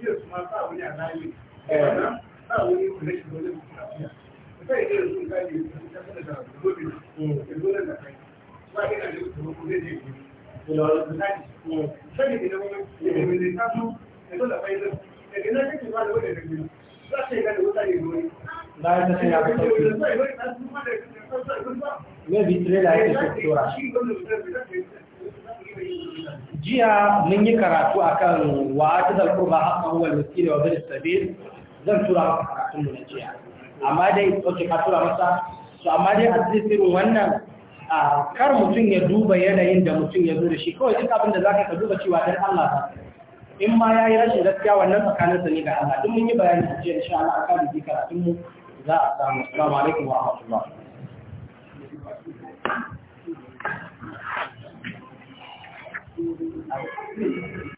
biyar kuma ba wani a layi Ba wani connection da wani mutum lafiya sai da yanzu ga ne ta kada da gobe da gobe da kai ba ina da kuma kuma zai je ko da wani tsari ko sai da wani ne ne ta so da dole fa yanzu da gina kake ba da wani da gina za ta yi da wani ne ne da ya ta ya ta ne bi trailer ya ta tura jiya mun yi karatu akan wa ta zalkurba haƙa huwal miskini wa bin sabil zan tura maka karatun da na jiya amma dai ok ka tura masa su amma dai a tsirin wannan kar mutum ya duba yanayin da mutum ya zo da shi kawai duk abin da za ka duba cewa don Allah ta in ma ya yi rashin gaskiya wannan tsakaninsa ne ga Allah duk mun yi bayani a jiya insha Allah akan biki karatun mu za a samu salamu alaikum wa rahmatullah out.